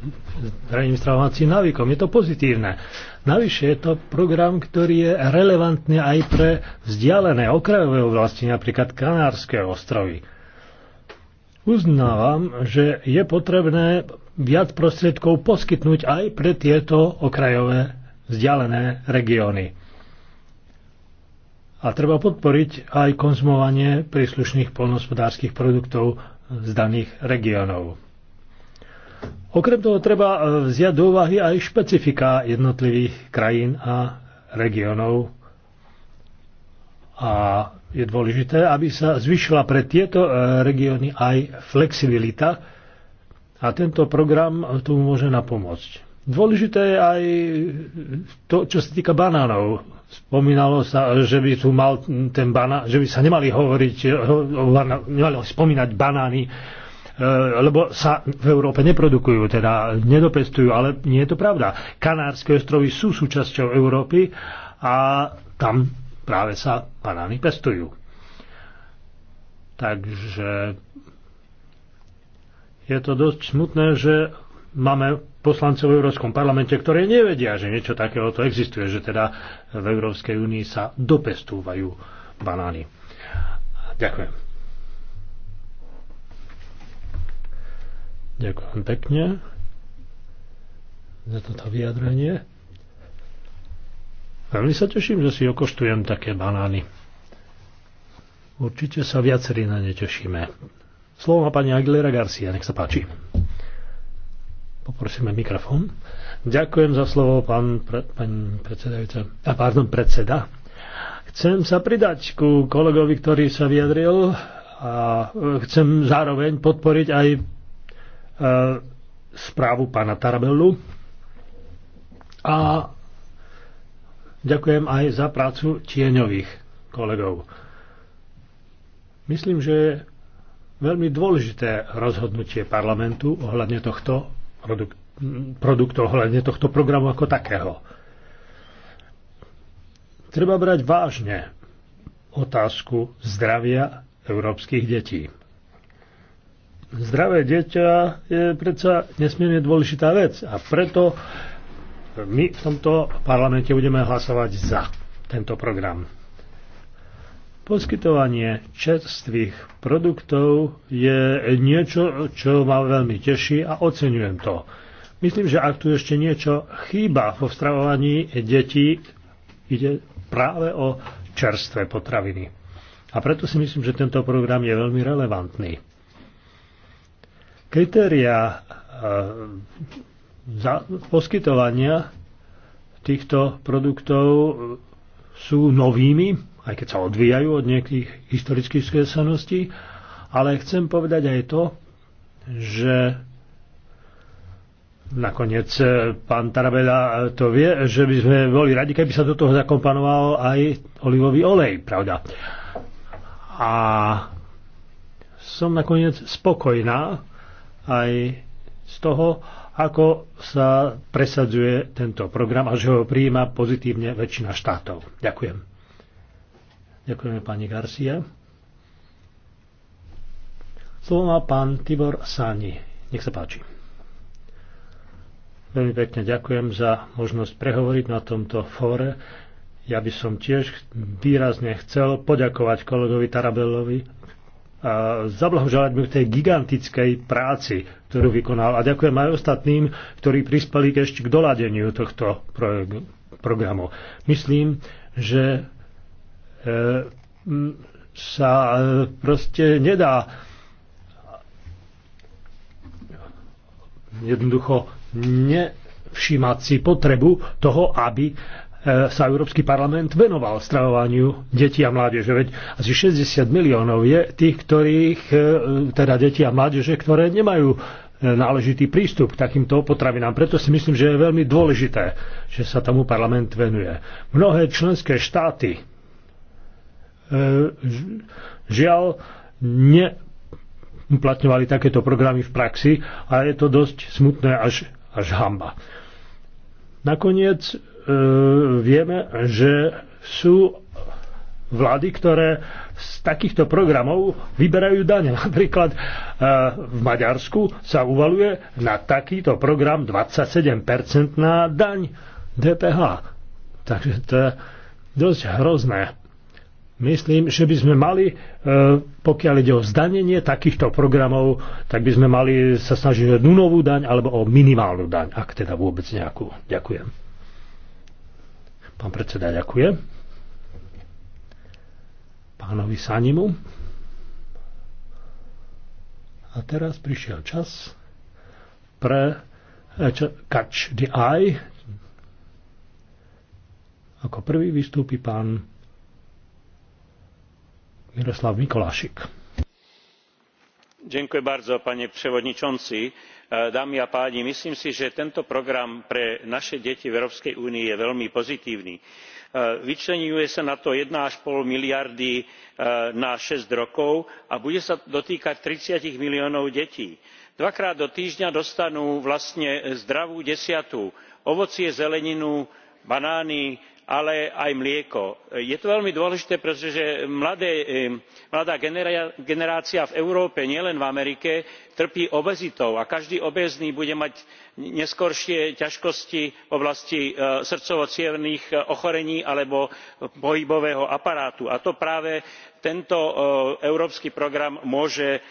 zdravým stravovacím návykom. Je to pozitívne. Navyše je to program, ktorý je relevantný aj pre vzdialené okrajové oblasti, napríklad Kanárske ostrovy. Uznávam, že je potrebné viac prostriedkov poskytnúť aj pre tieto okrajové vzdialené regióny a treba podporiť aj konzumovanie príslušných polnospodárských produktov z daných regiónov. Okrem toho treba e, vziať do úvahy aj špecifika jednotlivých krajín a regiónov a je dôležité, aby sa zvyšila pre tieto e, regióny aj flexibilita a tento program tomu môže napomôcť. Dôležité je aj to, čo sa týka banánov spomínalo sa, že by tu mal ten banán, že by sa nemali hovoriť, nemali spomínať banány, e, lebo sa v Európe neprodukujú, teda nedopestujú, ale nie je to pravda. Kanárske ostrovy sú súčasťou Európy a tam práve sa banány pestujú. Takže je to dosť smutné, že máme poslancov v Európskom parlamente, ktoré nevedia, že niečo takého to existuje, že teda v Európskej únii sa dopestúvajú banány. Ďakujem. Ďakujem pekne za toto vyjadrenie. Veľmi sa teším, že si okoštujem také banány. Určite sa viacerí na ne tešíme. Slovo má pani Aguilera Garcia, nech sa páči. Prosíme mikrofón. Ďakujem za slovo, pán, pre, pani predsedajúca. A pardon, predseda. Chcem sa pridať ku kolegovi, ktorý sa vyjadril a e, chcem zároveň podporiť aj e, správu pána Tarabellu a ďakujem aj za prácu tieňových kolegov. Myslím, že je veľmi dôležité rozhodnutie parlamentu ohľadne tohto produkt, produktov, hľadne tohto programu ako takého. Treba brať vážne otázku zdravia európskych detí. Zdravé dieťa je predsa nesmierne dôležitá vec a preto my v tomto parlamente budeme hlasovať za tento program. Poskytovanie čerstvých produktov je niečo, čo ma veľmi teší a oceňujem to. Myslím, že ak tu ešte niečo chýba vo stravovaní detí, ide práve o čerstvé potraviny. A preto si myslím, že tento program je veľmi relevantný. Kritéria e, za poskytovania týchto produktov sú novými aj keď sa odvíjajú od nejakých historických skreseností, ale chcem povedať aj to, že nakoniec eh, pán Tarabela eh, to vie, že by sme boli radi, keby sa do toho zakompanoval aj olivový olej, pravda. A som nakoniec spokojná aj z toho, ako sa presadzuje tento program a že ho prijíma pozitívne väčšina štátov. Ďakujem. Ďakujeme pani Garcia. Slovo má pán Tibor Sani. Nech sa páči. Veľmi pekne ďakujem za možnosť prehovoriť na tomto fóre. Ja by som tiež výrazne chcel poďakovať kolegovi Tarabelovi a zablahoželať mu tej gigantickej práci, ktorú vykonal. A ďakujem aj ostatným, ktorí prispeli ešte k doladeniu tohto programu. Myslím, že E, sa e, proste nedá jednoducho nevšímať si potrebu toho, aby e, sa Európsky parlament venoval stravovaniu detí a mládeže. Veď asi 60 miliónov je tých, ktorých, teda deti a mládeže, ktoré nemajú náležitý prístup k takýmto potravinám. Preto si myslím, že je veľmi dôležité, že sa tomu parlament venuje. Mnohé členské štáty E, žiaľ neuplatňovali takéto programy v praxi a je to dosť smutné až, až hamba. Nakoniec e, vieme, že sú vlády, ktoré z takýchto programov vyberajú dane. Napríklad e, v Maďarsku sa uvaluje na takýto program 27 na daň DPH. Takže to je dosť hrozné. Myslím, že by sme mali, e, pokiaľ ide o zdanenie takýchto programov, tak by sme mali sa snažiť o nulovú daň alebo o minimálnu daň, ak teda vôbec nejakú. Ďakujem. Pán predseda, ďakujem. Pánovi Sanimu. A teraz prišiel čas pre e, Catch the Eye. Ako prvý vystúpi pán Miroslav Mikolášik. Ďakujem bardzo, pane przewodniczący. E, dámy a páni, myslím si, že tento program pre naše deti v Európskej únii je veľmi pozitívny e, vyčleňuje sa na to one five miliardy e, na six rokov a bude sa dotýkať thirty miliónov detí. dvakrát do týždňa dostanú vlastne zdravú desiatu ovocie zeleninu banány ale aj mlieko je to veľmi dôležité pretože e, mladá generácia v európe nielen v amerike trpí obezitou a každý obézny bude mať neskoršie ťažkosti v oblasti e, srdcovo cievnych e, ochorení alebo pohybového aparátu a to práve tento európsky program môže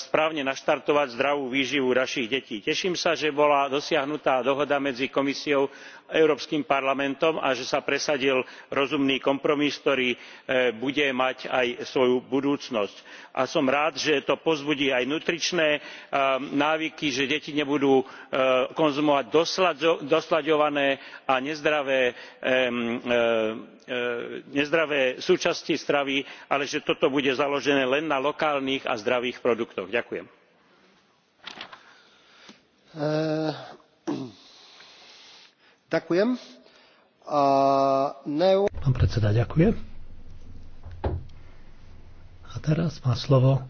správne naštartovať zdravú výživu našich detí. teším sa že bola dosiahnutá dohoda medzi komisiou a európskym parlamentom a že sa presadil rozumný kompromis ktorý e, bude mať aj svoju budúcnosť a som rád že to povzbudí aj nutričné e, návyky že deti nebudú e, konzumovať dosľaďované a nezdravé súčasti stravy ale že toto bude založené len na lokálnych a zdravých produktoch. ďakujem. [CLEARS THROAT] ďakujem. Pán predseda, ďakujem. A teraz má slovo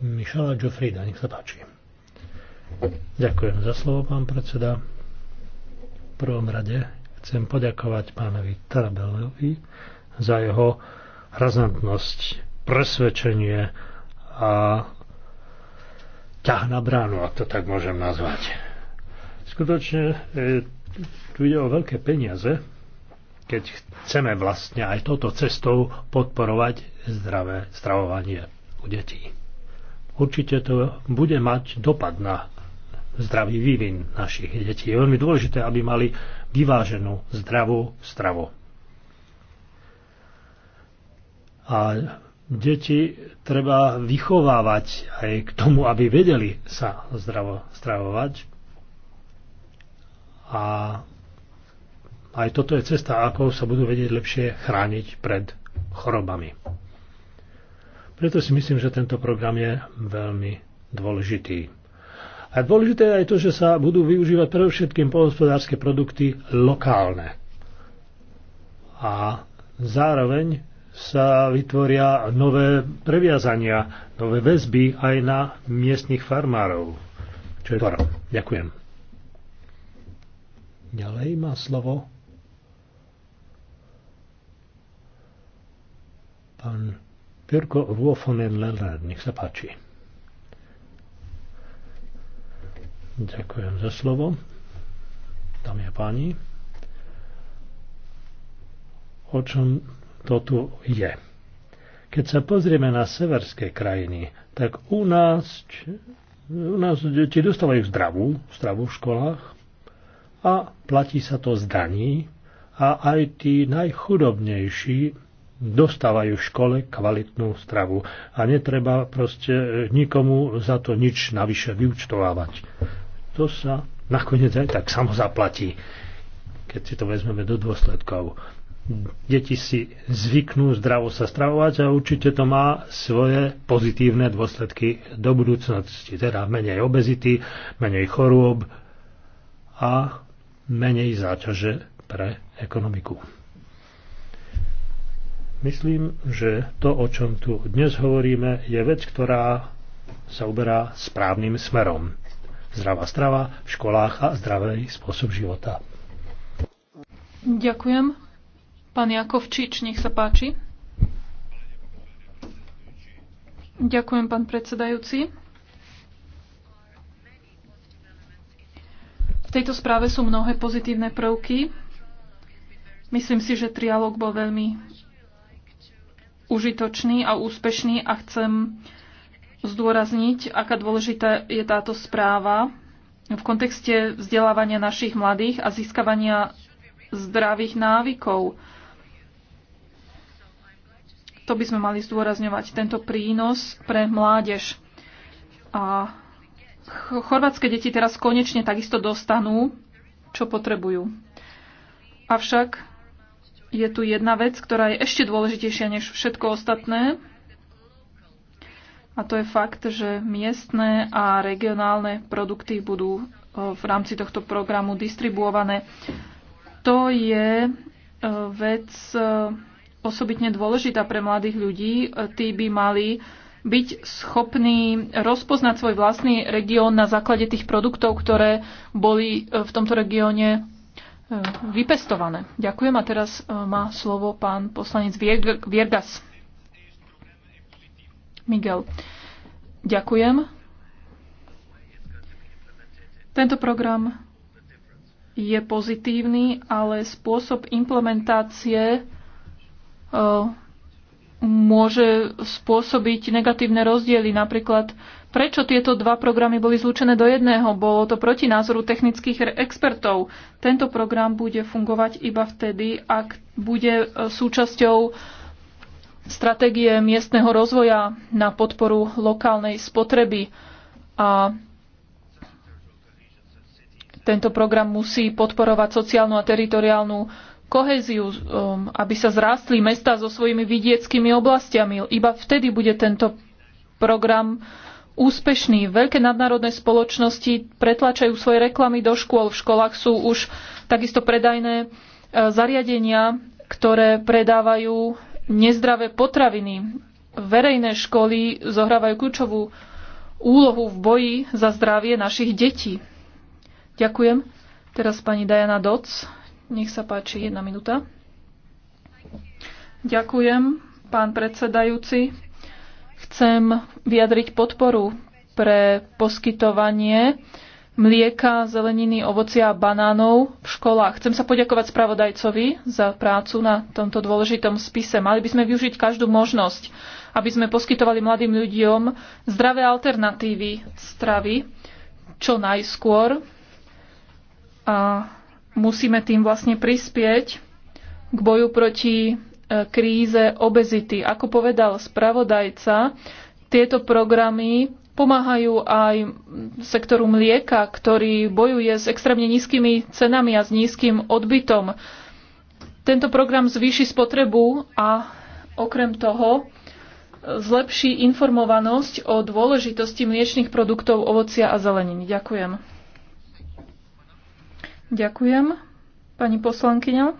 Michala Džofrida, nech sa páči. Ďakujem za slovo, pán predseda. V prvom rade chcem poďakovať pánovi Tarabelovi za jeho razantnosť, presvedčenie a ťah na bránu, ak to tak môžem nazvať. Skutočne e, tu ide o veľké peniaze, keď chceme vlastne aj touto cestou podporovať zdravé stravovanie u detí. Určite to bude mať dopad na zdravý vývin našich detí. Je veľmi dôležité, aby mali vyváženú zdravú stravu. A deti treba vychovávať aj k tomu, aby vedeli sa zdravo stravovať, a aj toto je cesta, ako sa budú vedieť lepšie chrániť pred chorobami. Preto si myslím, že tento program je veľmi dôležitý. A dôležité je aj to, že sa budú využívať predovšetkým pohospodárske produkty lokálne. A zároveň sa vytvoria nové previazania, nové väzby aj na miestnych farmárov. Čo je to? Ďakujem. Ďalej má slovo pán Pirko Ruofonen Lelrad. Nech sa páči. Ďakujem za slovo. Tam je páni, o čom to tu je? Keď sa pozrieme na severské krajiny, tak u nás, u nás deti dostávajú zdravú stravu v školách, a platí sa to z daní a aj tí najchudobnejší dostávajú v škole kvalitnú stravu a netreba proste e, nikomu za to nič navyše vyučtovávať. To sa nakoniec aj tak samo zaplatí, keď si to vezmeme do dôsledkov. Deti si zvyknú zdravo sa stravovať a určite to má svoje pozitívne dôsledky do budúcnosti. Teda menej obezity, menej chorôb a menej záťaže pre ekonomiku. Myslím, že to, o čom tu dnes hovoríme, je vec, ktorá sa uberá správnym smerom. Zdravá strava v školách a zdravý spôsob života. Ďakujem. Pán Jakovčič, nech sa páči. Ďakujem, pán predsedajúci. V tejto správe sú mnohé pozitívne prvky. Myslím si, že trialog bol veľmi užitočný a úspešný a chcem zdôrazniť, aká dôležitá je táto správa v kontexte vzdelávania našich mladých a získavania zdravých návykov. To by sme mali zdôrazňovať, tento prínos pre mládež. A chorvátske deti teraz konečne takisto dostanú, čo potrebujú. Avšak je tu jedna vec, ktorá je ešte dôležitejšia než všetko ostatné. A to je fakt, že miestne a regionálne produkty budú e, v rámci tohto programu distribuované. To je e, vec e, osobitne dôležitá pre mladých ľudí. Tí by mali byť schopný rozpoznať svoj vlastný región na základe tých produktov, ktoré boli e, v tomto regióne e, vypestované. Ďakujem a teraz e, má slovo pán poslanec Viergas. Miguel. Ďakujem. Tento program je pozitívny, ale spôsob implementácie môže spôsobiť negatívne rozdiely. Napríklad, prečo tieto dva programy boli zlúčené do jedného? Bolo to proti názoru technických expertov. Tento program bude fungovať iba vtedy, ak bude e, súčasťou stratégie miestneho rozvoja na podporu lokálnej spotreby. A tento program musí podporovať sociálnu a teritoriálnu koheziu, um, aby sa zrástli mesta so svojimi vidieckými oblastiami. Iba vtedy bude tento program úspešný. Veľké nadnárodné spoločnosti pretlačajú svoje reklamy do škôl. V školách sú už takisto predajné uh, zariadenia, ktoré predávajú nezdravé potraviny. Verejné školy zohrávajú kľúčovú úlohu v boji za zdravie našich detí. Ďakujem. Teraz pani Diana Doc. Nech sa páči, jedna minúta. Ďakujem, pán predsedajúci. Chcem vyjadriť podporu pre poskytovanie mlieka, zeleniny, ovocia a banánov v školách. Chcem sa poďakovať spravodajcovi za prácu na tomto dôležitom spise. Mali by sme využiť každú možnosť, aby sme poskytovali mladým ľuďom zdravé alternatívy stravy čo najskôr. A Musíme tým vlastne prispieť k boju proti e, kríze obezity. Ako povedal spravodajca, tieto programy pomáhajú aj sektoru mlieka, ktorý bojuje s extrémne nízkymi cenami a s nízkym odbytom. Tento program zvýši spotrebu a okrem toho zlepší informovanosť o dôležitosti mliečných produktov ovocia a zeleniny. Ďakujem. Ďakujem. Pani poslankyňa.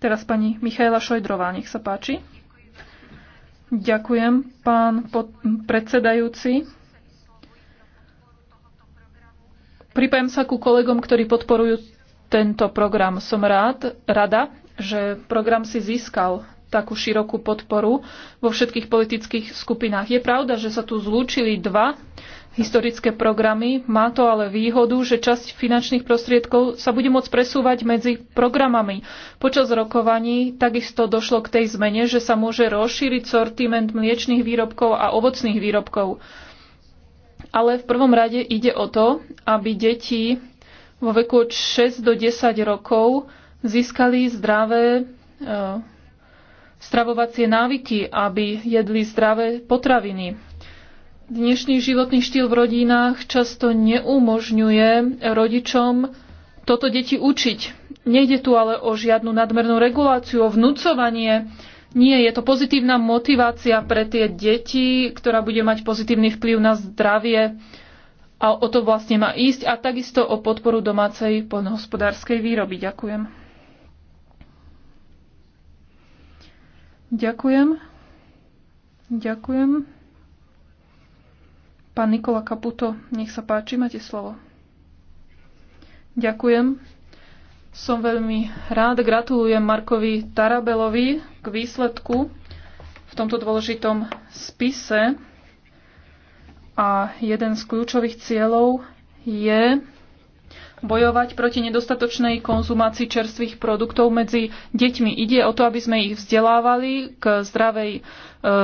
Teraz pani Michaela Šojdrová, nech sa páči. Ďakujem, pán predsedajúci. Pripájam sa ku kolegom, ktorí podporujú tento program. Som rád, rada, že program si získal takú širokú podporu vo všetkých politických skupinách. Je pravda, že sa tu zlúčili dva historické programy. Má to ale výhodu, že časť finančných prostriedkov sa bude môcť presúvať medzi programami. Počas rokovaní takisto došlo k tej zmene, že sa môže rozšíriť sortiment mliečných výrobkov a ovocných výrobkov. Ale v prvom rade ide o to, aby deti vo veku od 6 do 10 rokov získali zdravé eh, stravovacie návyky, aby jedli zdravé potraviny Dnešný životný štýl v rodinách často neumožňuje rodičom toto deti učiť. Nejde tu ale o žiadnu nadmernú reguláciu, o vnúcovanie. Nie, je to pozitívna motivácia pre tie deti, ktorá bude mať pozitívny vplyv na zdravie a o to vlastne má ísť a takisto o podporu domácej poľnohospodárskej výroby. Ďakujem. Ďakujem. Ďakujem. Pán Nikola Kaputo, nech sa páči, máte slovo. Ďakujem. Som veľmi rád, gratulujem Markovi Tarabelovi k výsledku v tomto dôležitom spise. A jeden z kľúčových cieľov je bojovať proti nedostatočnej konzumácii čerstvých produktov medzi deťmi. Ide o to, aby sme ich vzdelávali k zdravej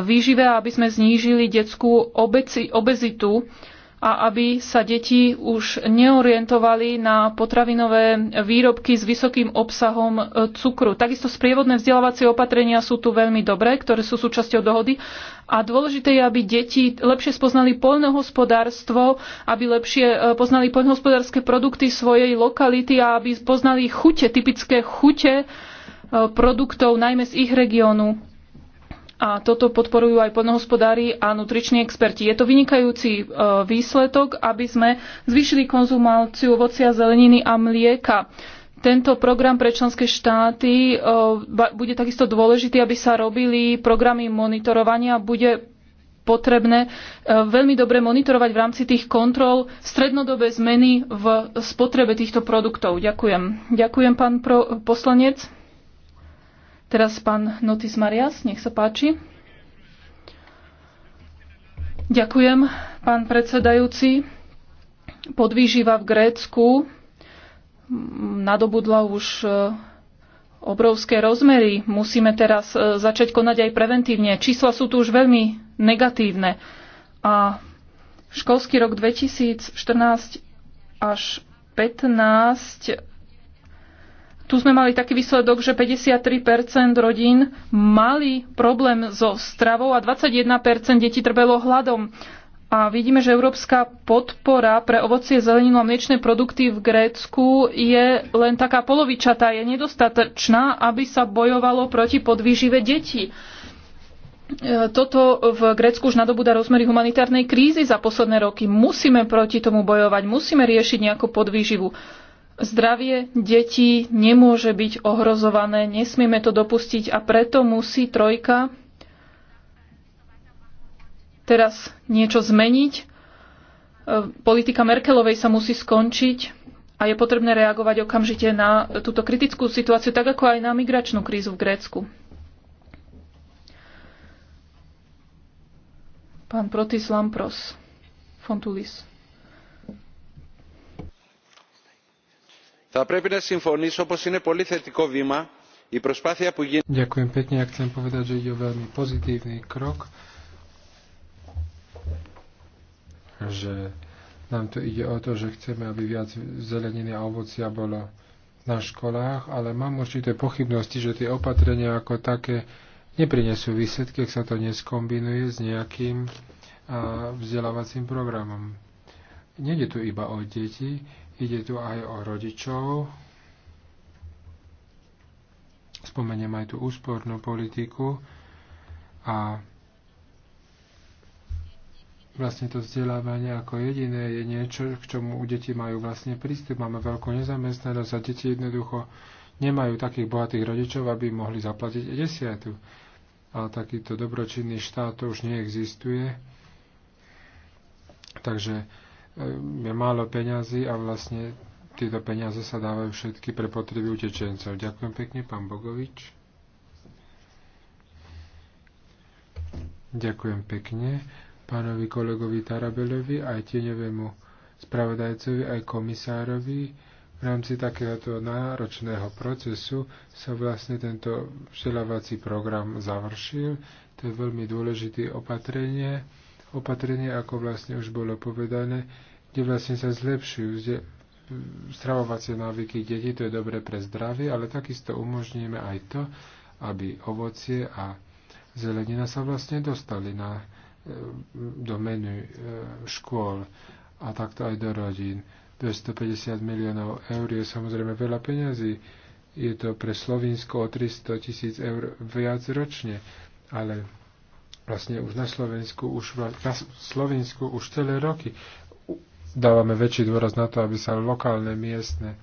výžive a aby sme znížili detskú obezitu a aby sa deti už neorientovali na potravinové výrobky s vysokým obsahom e, cukru. Takisto sprievodné vzdelávacie opatrenia sú tu veľmi dobré, ktoré sú súčasťou dohody. A dôležité je, aby deti lepšie spoznali poľnohospodárstvo, aby lepšie e, poznali poľnohospodárske produkty svojej lokality a aby poznali chute, typické chute e, produktov, najmä z ich regiónu a toto podporujú aj podnohospodári a nutriční experti. Je to vynikajúci e, výsledok, aby sme zvýšili konzumáciu ovocia, zeleniny a mlieka. Tento program pre členské štáty e, bude takisto dôležitý, aby sa robili programy monitorovania. Bude potrebné e, veľmi dobre monitorovať v rámci tých kontrol strednodobé zmeny v spotrebe týchto produktov. Ďakujem. Ďakujem, pán poslanec. Teraz pán Notis Marias, nech sa páči. Ďakujem, pán predsedajúci. Podvýživa v Grécku nadobudla už e, obrovské rozmery. Musíme teraz e, začať konať aj preventívne. Čísla sú tu už veľmi negatívne. A školský rok 2014 až 15 tu sme mali taký výsledok, že 53% rodín mali problém so stravou a 21% detí trpelo hladom. A vidíme, že európska podpora pre ovocie, zeleninu a mliečne produkty v Grécku je len taká polovičatá, je nedostatočná, aby sa bojovalo proti podvýžive detí. E, toto v Grécku už nadobúda rozmery humanitárnej krízy za posledné roky. Musíme proti tomu bojovať, musíme riešiť nejakú podvýživu. Zdravie detí nemôže byť ohrozované, nesmieme to dopustiť a preto musí trojka teraz niečo zmeniť. E, politika Merkelovej sa musí skončiť a je potrebné reagovať okamžite na túto kritickú situáciu, tak ako aj na migračnú krízu v Grécku. Pán Protis Lampros, Fontulis. θα πρέπει να συμφωνήσω πως είναι πολύ θετικό βήμα η προσπάθεια που γίνεται... Ďakujem pekne Ja chcem povedať, že ide veľmi pozitívny krok, že nám to ide o to, že chceme, aby viac zeleniny a ovocia bolo na školách, ale mám určité pochybnosti, že tie opatrenia ako také neprinesú výsledky, ak sa to neskombinuje s nejakým vzdelávacím programom. Nede tu iba o deti, Ide tu aj o rodičov. Spomeniem aj tú úspornú politiku a vlastne to vzdelávanie ako jediné je niečo, k čomu u deti majú vlastne prístup. Máme veľkú nezamestnanosť a deti jednoducho nemajú takých bohatých rodičov, aby mohli zaplatiť desiatu. Ale takýto dobročinný štát to už neexistuje. Takže je málo peňazí a vlastne tieto peniaze sa dávajú všetky pre potreby utečencov. Ďakujem pekne, pán Bogovič. Ďakujem pekne pánovi kolegovi Tarabelovi, aj tieňovému spravodajcovi, aj komisárovi. V rámci takéhoto náročného procesu sa vlastne tento vzdelávací program završil. To je veľmi dôležité opatrenie opatrenia, ako vlastne už bolo povedané, kde vlastne sa zlepšujú stravovacie návyky detí, to je dobre pre zdravie, ale takisto umožníme aj to, aby ovocie a zelenina sa vlastne dostali na, e, do menu e, škôl a takto aj do rodín. 250 miliónov eur je samozrejme veľa peňazí. Je to pre Slovinsko o 300 tisíc eur viac ročne, ale vlastne už na Slovensku už, na Slovensku už celé roky dávame väčší dôraz na to, aby sa lokálne miestne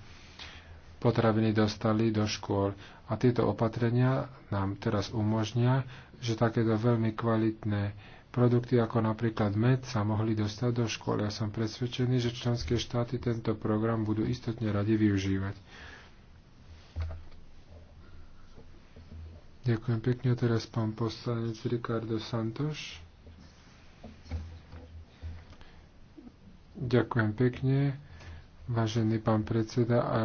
potraviny dostali do škôl. A tieto opatrenia nám teraz umožnia, že takéto veľmi kvalitné produkty ako napríklad med sa mohli dostať do škôl. Ja som presvedčený, že členské štáty tento program budú istotne radi využívať. Ďakujem pekne. Teraz pán poslanec Ricardo Santoš. Ďakujem pekne. Vážený pán predseda, a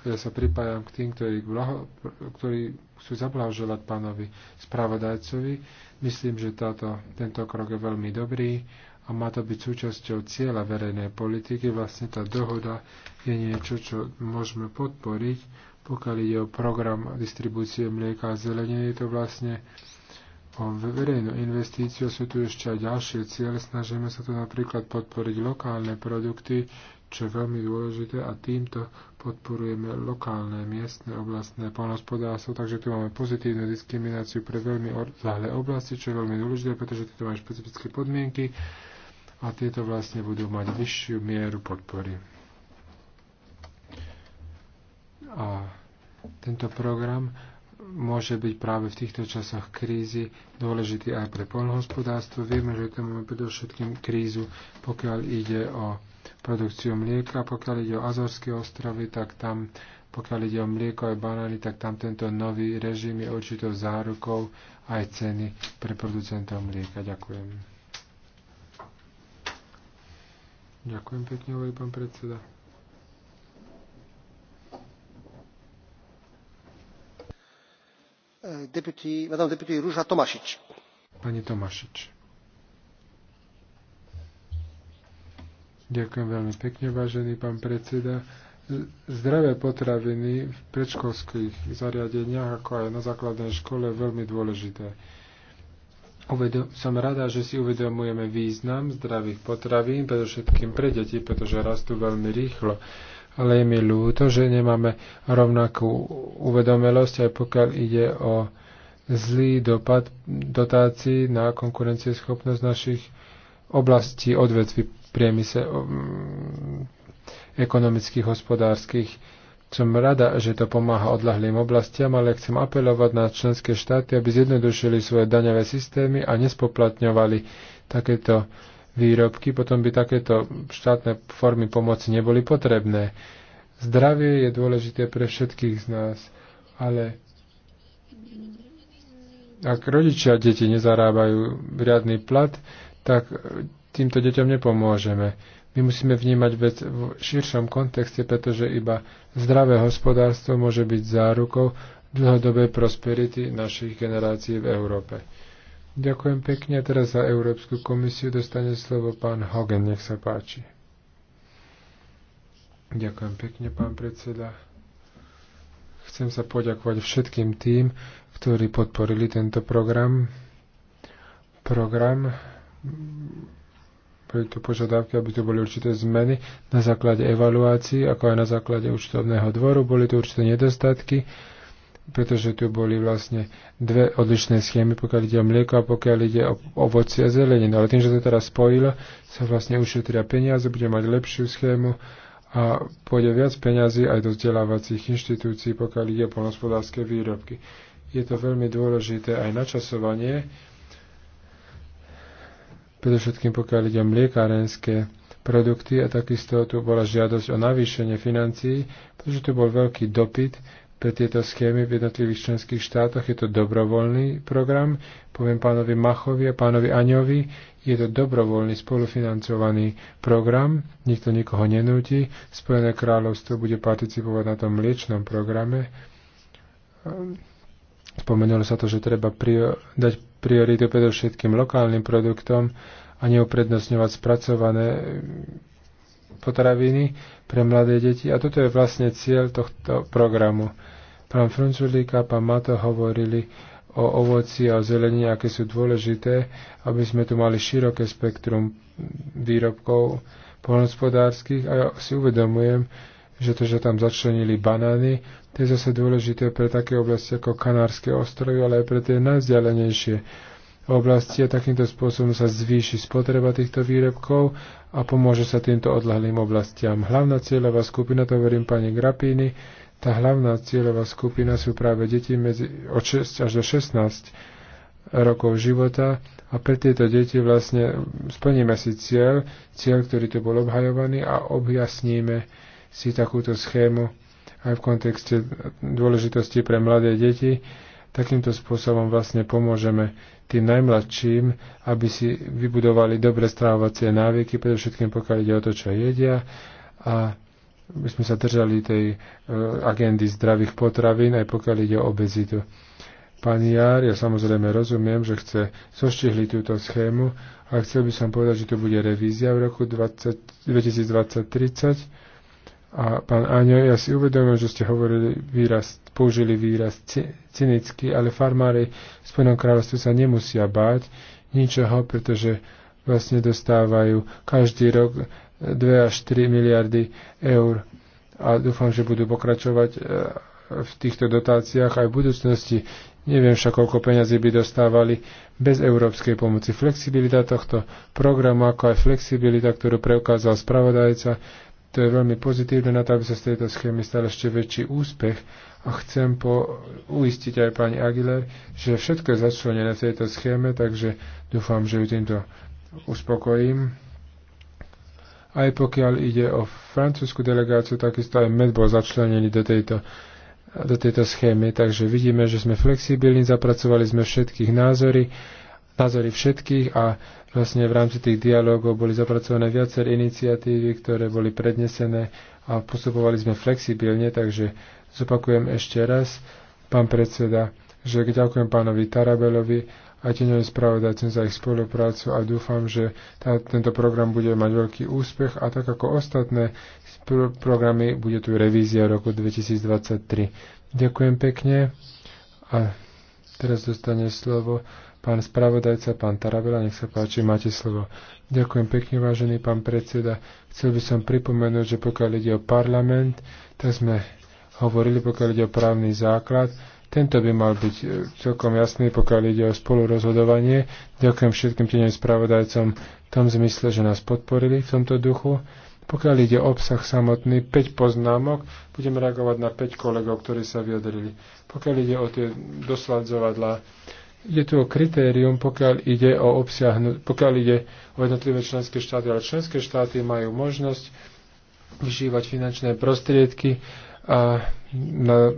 ja sa pripájam k tým, ktorí, blaho, ktorí chcú zablahoželať pánovi spravodajcovi. Myslím, že táto, tento krok je veľmi dobrý a má to byť súčasťou cieľa verejnej politiky. Vlastne tá dohoda je niečo, čo môžeme podporiť, pokiaľ ide o program distribúcie mlieka a zelenie, je to vlastne o verejnú investíciu. Sú tu ešte aj ďalšie ciele. Snažíme sa tu napríklad podporiť lokálne produkty, čo je veľmi dôležité a týmto podporujeme lokálne, miestne, oblastné polnospodárstvo, takže tu máme pozitívnu diskrimináciu pre veľmi odľahlé oblasti, čo je veľmi dôležité, pretože tieto majú špecifické podmienky a tieto vlastne budú mať vyššiu mieru podpory. A tento program môže byť práve v týchto časoch krízy dôležitý aj pre poľnohospodárstvo. Vieme, že tam máme predovšetkým krízu, pokiaľ ide o produkciu mlieka, pokiaľ ide o Azorské ostrovy, tak tam, pokiaľ ide o mlieko aj banány, tak tam tento nový režim je určitou zárukou aj ceny pre producentov mlieka. Ďakujem. Ďakujem pekne, hovorí pán predseda. Pani Ďakujem veľmi pekne, vážený pán predseda. Zdravé potraviny v predškolských zariadeniach, ako aj na základnej škole, je veľmi dôležité. som rada, že si uvedomujeme význam zdravých potravín, predovšetkým pre deti, pretože rastú veľmi rýchlo ale je mi ľúto, že nemáme rovnakú uvedomelosť, aj pokiaľ ide o zlý dopad dotácií na konkurencieschopnosť našich oblastí odvetví priemysel ekonomických, hospodárskych. Som rada, že to pomáha odlahlým oblastiam, ale chcem apelovať na členské štáty, aby zjednodušili svoje daňové systémy a nespoplatňovali takéto výrobky, potom by takéto štátne formy pomoci neboli potrebné. Zdravie je dôležité pre všetkých z nás, ale ak rodičia deti nezarábajú riadny plat, tak týmto deťom nepomôžeme. My musíme vnímať vec v širšom kontexte, pretože iba zdravé hospodárstvo môže byť zárukou dlhodobej prosperity našich generácií v Európe. Ďakujem pekne. teraz za Európsku komisiu dostane slovo pán Hogan. Nech sa páči. Ďakujem pekne, pán predseda. Chcem sa poďakovať všetkým tým, ktorí podporili tento program. Program boli to požiadavky, aby tu boli určité zmeny na základe evaluácií, ako aj na základe účtovného dvoru. Boli tu určité nedostatky pretože tu boli vlastne dve odlišné schémy, pokiaľ ide o mlieko a pokiaľ ide o ovoci a zeleninu. Ale tým, že to teraz spojilo, sa vlastne ušetria peniaze, bude mať lepšiu schému a pôjde viac peniazy aj do vzdelávacích inštitúcií, pokiaľ ide o polnospodárske výrobky. Je to veľmi dôležité aj načasovanie, predovšetkým pokiaľ ide o mliekárenské produkty a takisto tu bola žiadosť o navýšenie financií, pretože tu bol veľký dopyt pre tieto schémy v jednotlivých členských štátoch. Je to dobrovoľný program, poviem pánovi Machovi a pánovi Aňovi, je to dobrovoľný spolufinancovaný program, nikto nikoho nenúti. Spojené kráľovstvo bude participovať na tom mliečnom programe. Spomenulo sa to, že treba prior- dať prioritu predovšetkým lokálnym produktom a neuprednostňovať spracované potraviny pre mladé deti. A toto je vlastne cieľ tohto programu. Pán Frunčulík a pán Mato hovorili o ovoci a o zelení, aké sú dôležité, aby sme tu mali široké spektrum výrobkov polnospodárských. A ja si uvedomujem, že to, že tam začlenili banány, to je zase dôležité pre také oblasti ako Kanárske ostrovy, ale aj pre tie najvzdialenejšie oblasti a takýmto spôsobom sa zvýši spotreba týchto výrobkov a pomôže sa týmto odlahlým oblastiam. Hlavná cieľová skupina, to hovorím pani Grapíny, tá hlavná cieľová skupina sú práve deti medzi, od 6 až do 16 rokov života a pre tieto deti vlastne splníme si cieľ, cieľ, ktorý tu bol obhajovaný a objasníme si takúto schému aj v kontexte dôležitosti pre mladé deti Takýmto spôsobom vlastne pomôžeme tým najmladším, aby si vybudovali dobre strávovacie návyky, predovšetkým pokiaľ ide o to, čo jedia. A my sme sa držali tej e, agendy zdravých potravín, aj pokiaľ ide o obezitu. Pán Jár, ja samozrejme rozumiem, že chce zoštihliť túto schému a chcel by som povedať, že tu bude revízia v roku 20, 2020-30 a pán Aňo, ja si uvedomujem, že ste hovorili výraz, použili výraz cynicky, ale farmári v Spojenom kráľovstve sa nemusia báť ničoho, pretože vlastne dostávajú každý rok 2 až 3 miliardy eur a dúfam, že budú pokračovať e, v týchto dotáciách aj v budúcnosti. Neviem však, koľko peňazí by dostávali bez európskej pomoci. Flexibilita tohto programu, ako aj flexibilita, ktorú preukázal spravodajca, to je veľmi pozitívne na to, aby sa z tejto schémy stal ešte väčší úspech a chcem po, uistiť aj pani Aguiler, že všetko je začlenené v tejto schéme, takže dúfam, že ju týmto uspokojím. Aj pokiaľ ide o francúzsku delegáciu, takisto aj med bol začlenený do tejto do tejto schémy. Takže vidíme, že sme flexibilní, zapracovali sme všetkých názory názory všetkých a vlastne v rámci tých dialogov boli zapracované viacer iniciatívy, ktoré boli prednesené a postupovali sme flexibilne, takže zopakujem ešte raz, pán predseda, že ďakujem pánovi Tarabelovi a teňovi spravodajcom za ich spoluprácu a dúfam, že tá, tento program bude mať veľký úspech a tak ako ostatné pro- programy bude tu revízia roku 2023. Ďakujem pekne a teraz dostane slovo Pán spravodajca, pán Tarabela, nech sa páči, máte slovo. Ďakujem pekne, vážený pán predseda. Chcel by som pripomenúť, že pokiaľ ide o parlament, tak sme hovorili, pokiaľ ide o právny základ, tento by mal byť e, celkom jasný, pokiaľ ide o spolurozhodovanie. Ďakujem všetkým tým spravodajcom v tom zmysle, že nás podporili v tomto duchu. Pokiaľ ide o obsah samotný, 5 poznámok, budem reagovať na 5 kolegov, ktorí sa vyjadrili. Pokiaľ ide o tie dosladzovadla, je tu kritérium, pokiaľ ide o obsiahnu, pokiaľ ide o jednotlivé členské štáty, ale členské štáty majú možnosť vyžívať finančné prostriedky a na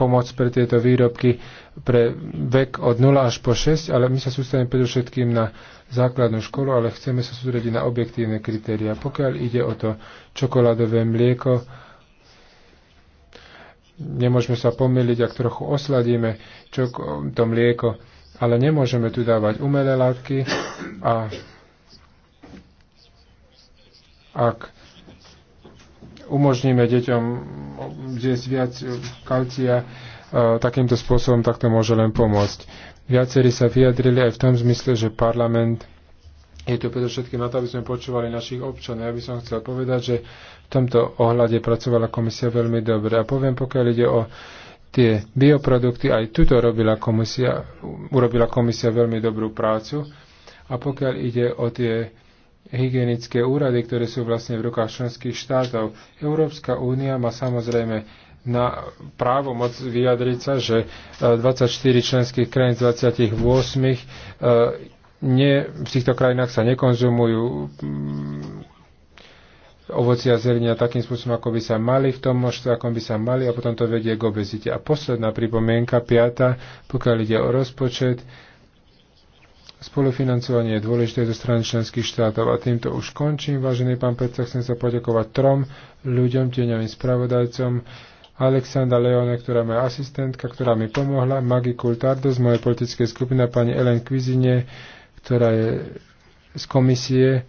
pomoc pre tieto výrobky pre vek od 0 až po 6, ale my sa sústavíme predovšetkým na základnú školu, ale chceme sa sústrediť na objektívne kritéria. Pokiaľ ide o to čokoládové mlieko, Nemôžeme sa pomýliť, ak trochu osladíme čo, to mlieko, ale nemôžeme tu dávať umelé látky a ak umožníme deťom zjesť viac kalcia e, takýmto spôsobom, tak to môže len pomôcť. Viacerí sa vyjadrili aj v tom zmysle, že parlament je to predovšetkým na to, aby sme počúvali našich občanov. Ja by som chcel povedať, že v tomto ohľade pracovala komisia veľmi dobre. A poviem, pokiaľ ide o tie bioprodukty, aj tuto robila komisia, urobila komisia veľmi dobrú prácu. A pokiaľ ide o tie hygienické úrady, ktoré sú vlastne v rukách členských štátov, Európska únia má samozrejme na právo moc vyjadriť sa, že 24 eh, členských krajín z 28 ne, v týchto krajinách sa nekonzumujú mm, ovoci a zelenia takým spôsobom, ako by sa mali, v tom množstve, ako by sa mali a potom to vedie k obezite. A posledná pripomienka, piata, pokiaľ ide o rozpočet, spolufinancovanie je dôležité zo strany členských štátov. A týmto už končím, vážený pán predseda, chcem sa poďakovať trom ľuďom, tieňovým spravodajcom, Alexandra Leone, ktorá je moja asistentka, ktorá mi pomohla, Magi Kultardo z mojej politickej skupiny, pani Ellen Kvizine, ktorá je z komisie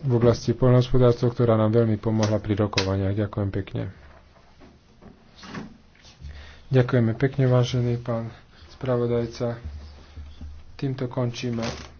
v oblasti poľnohospodárstva, ktorá nám veľmi pomohla pri rokovaniach. Ďakujem pekne. Ďakujeme pekne, vážený pán spravodajca. Týmto končíme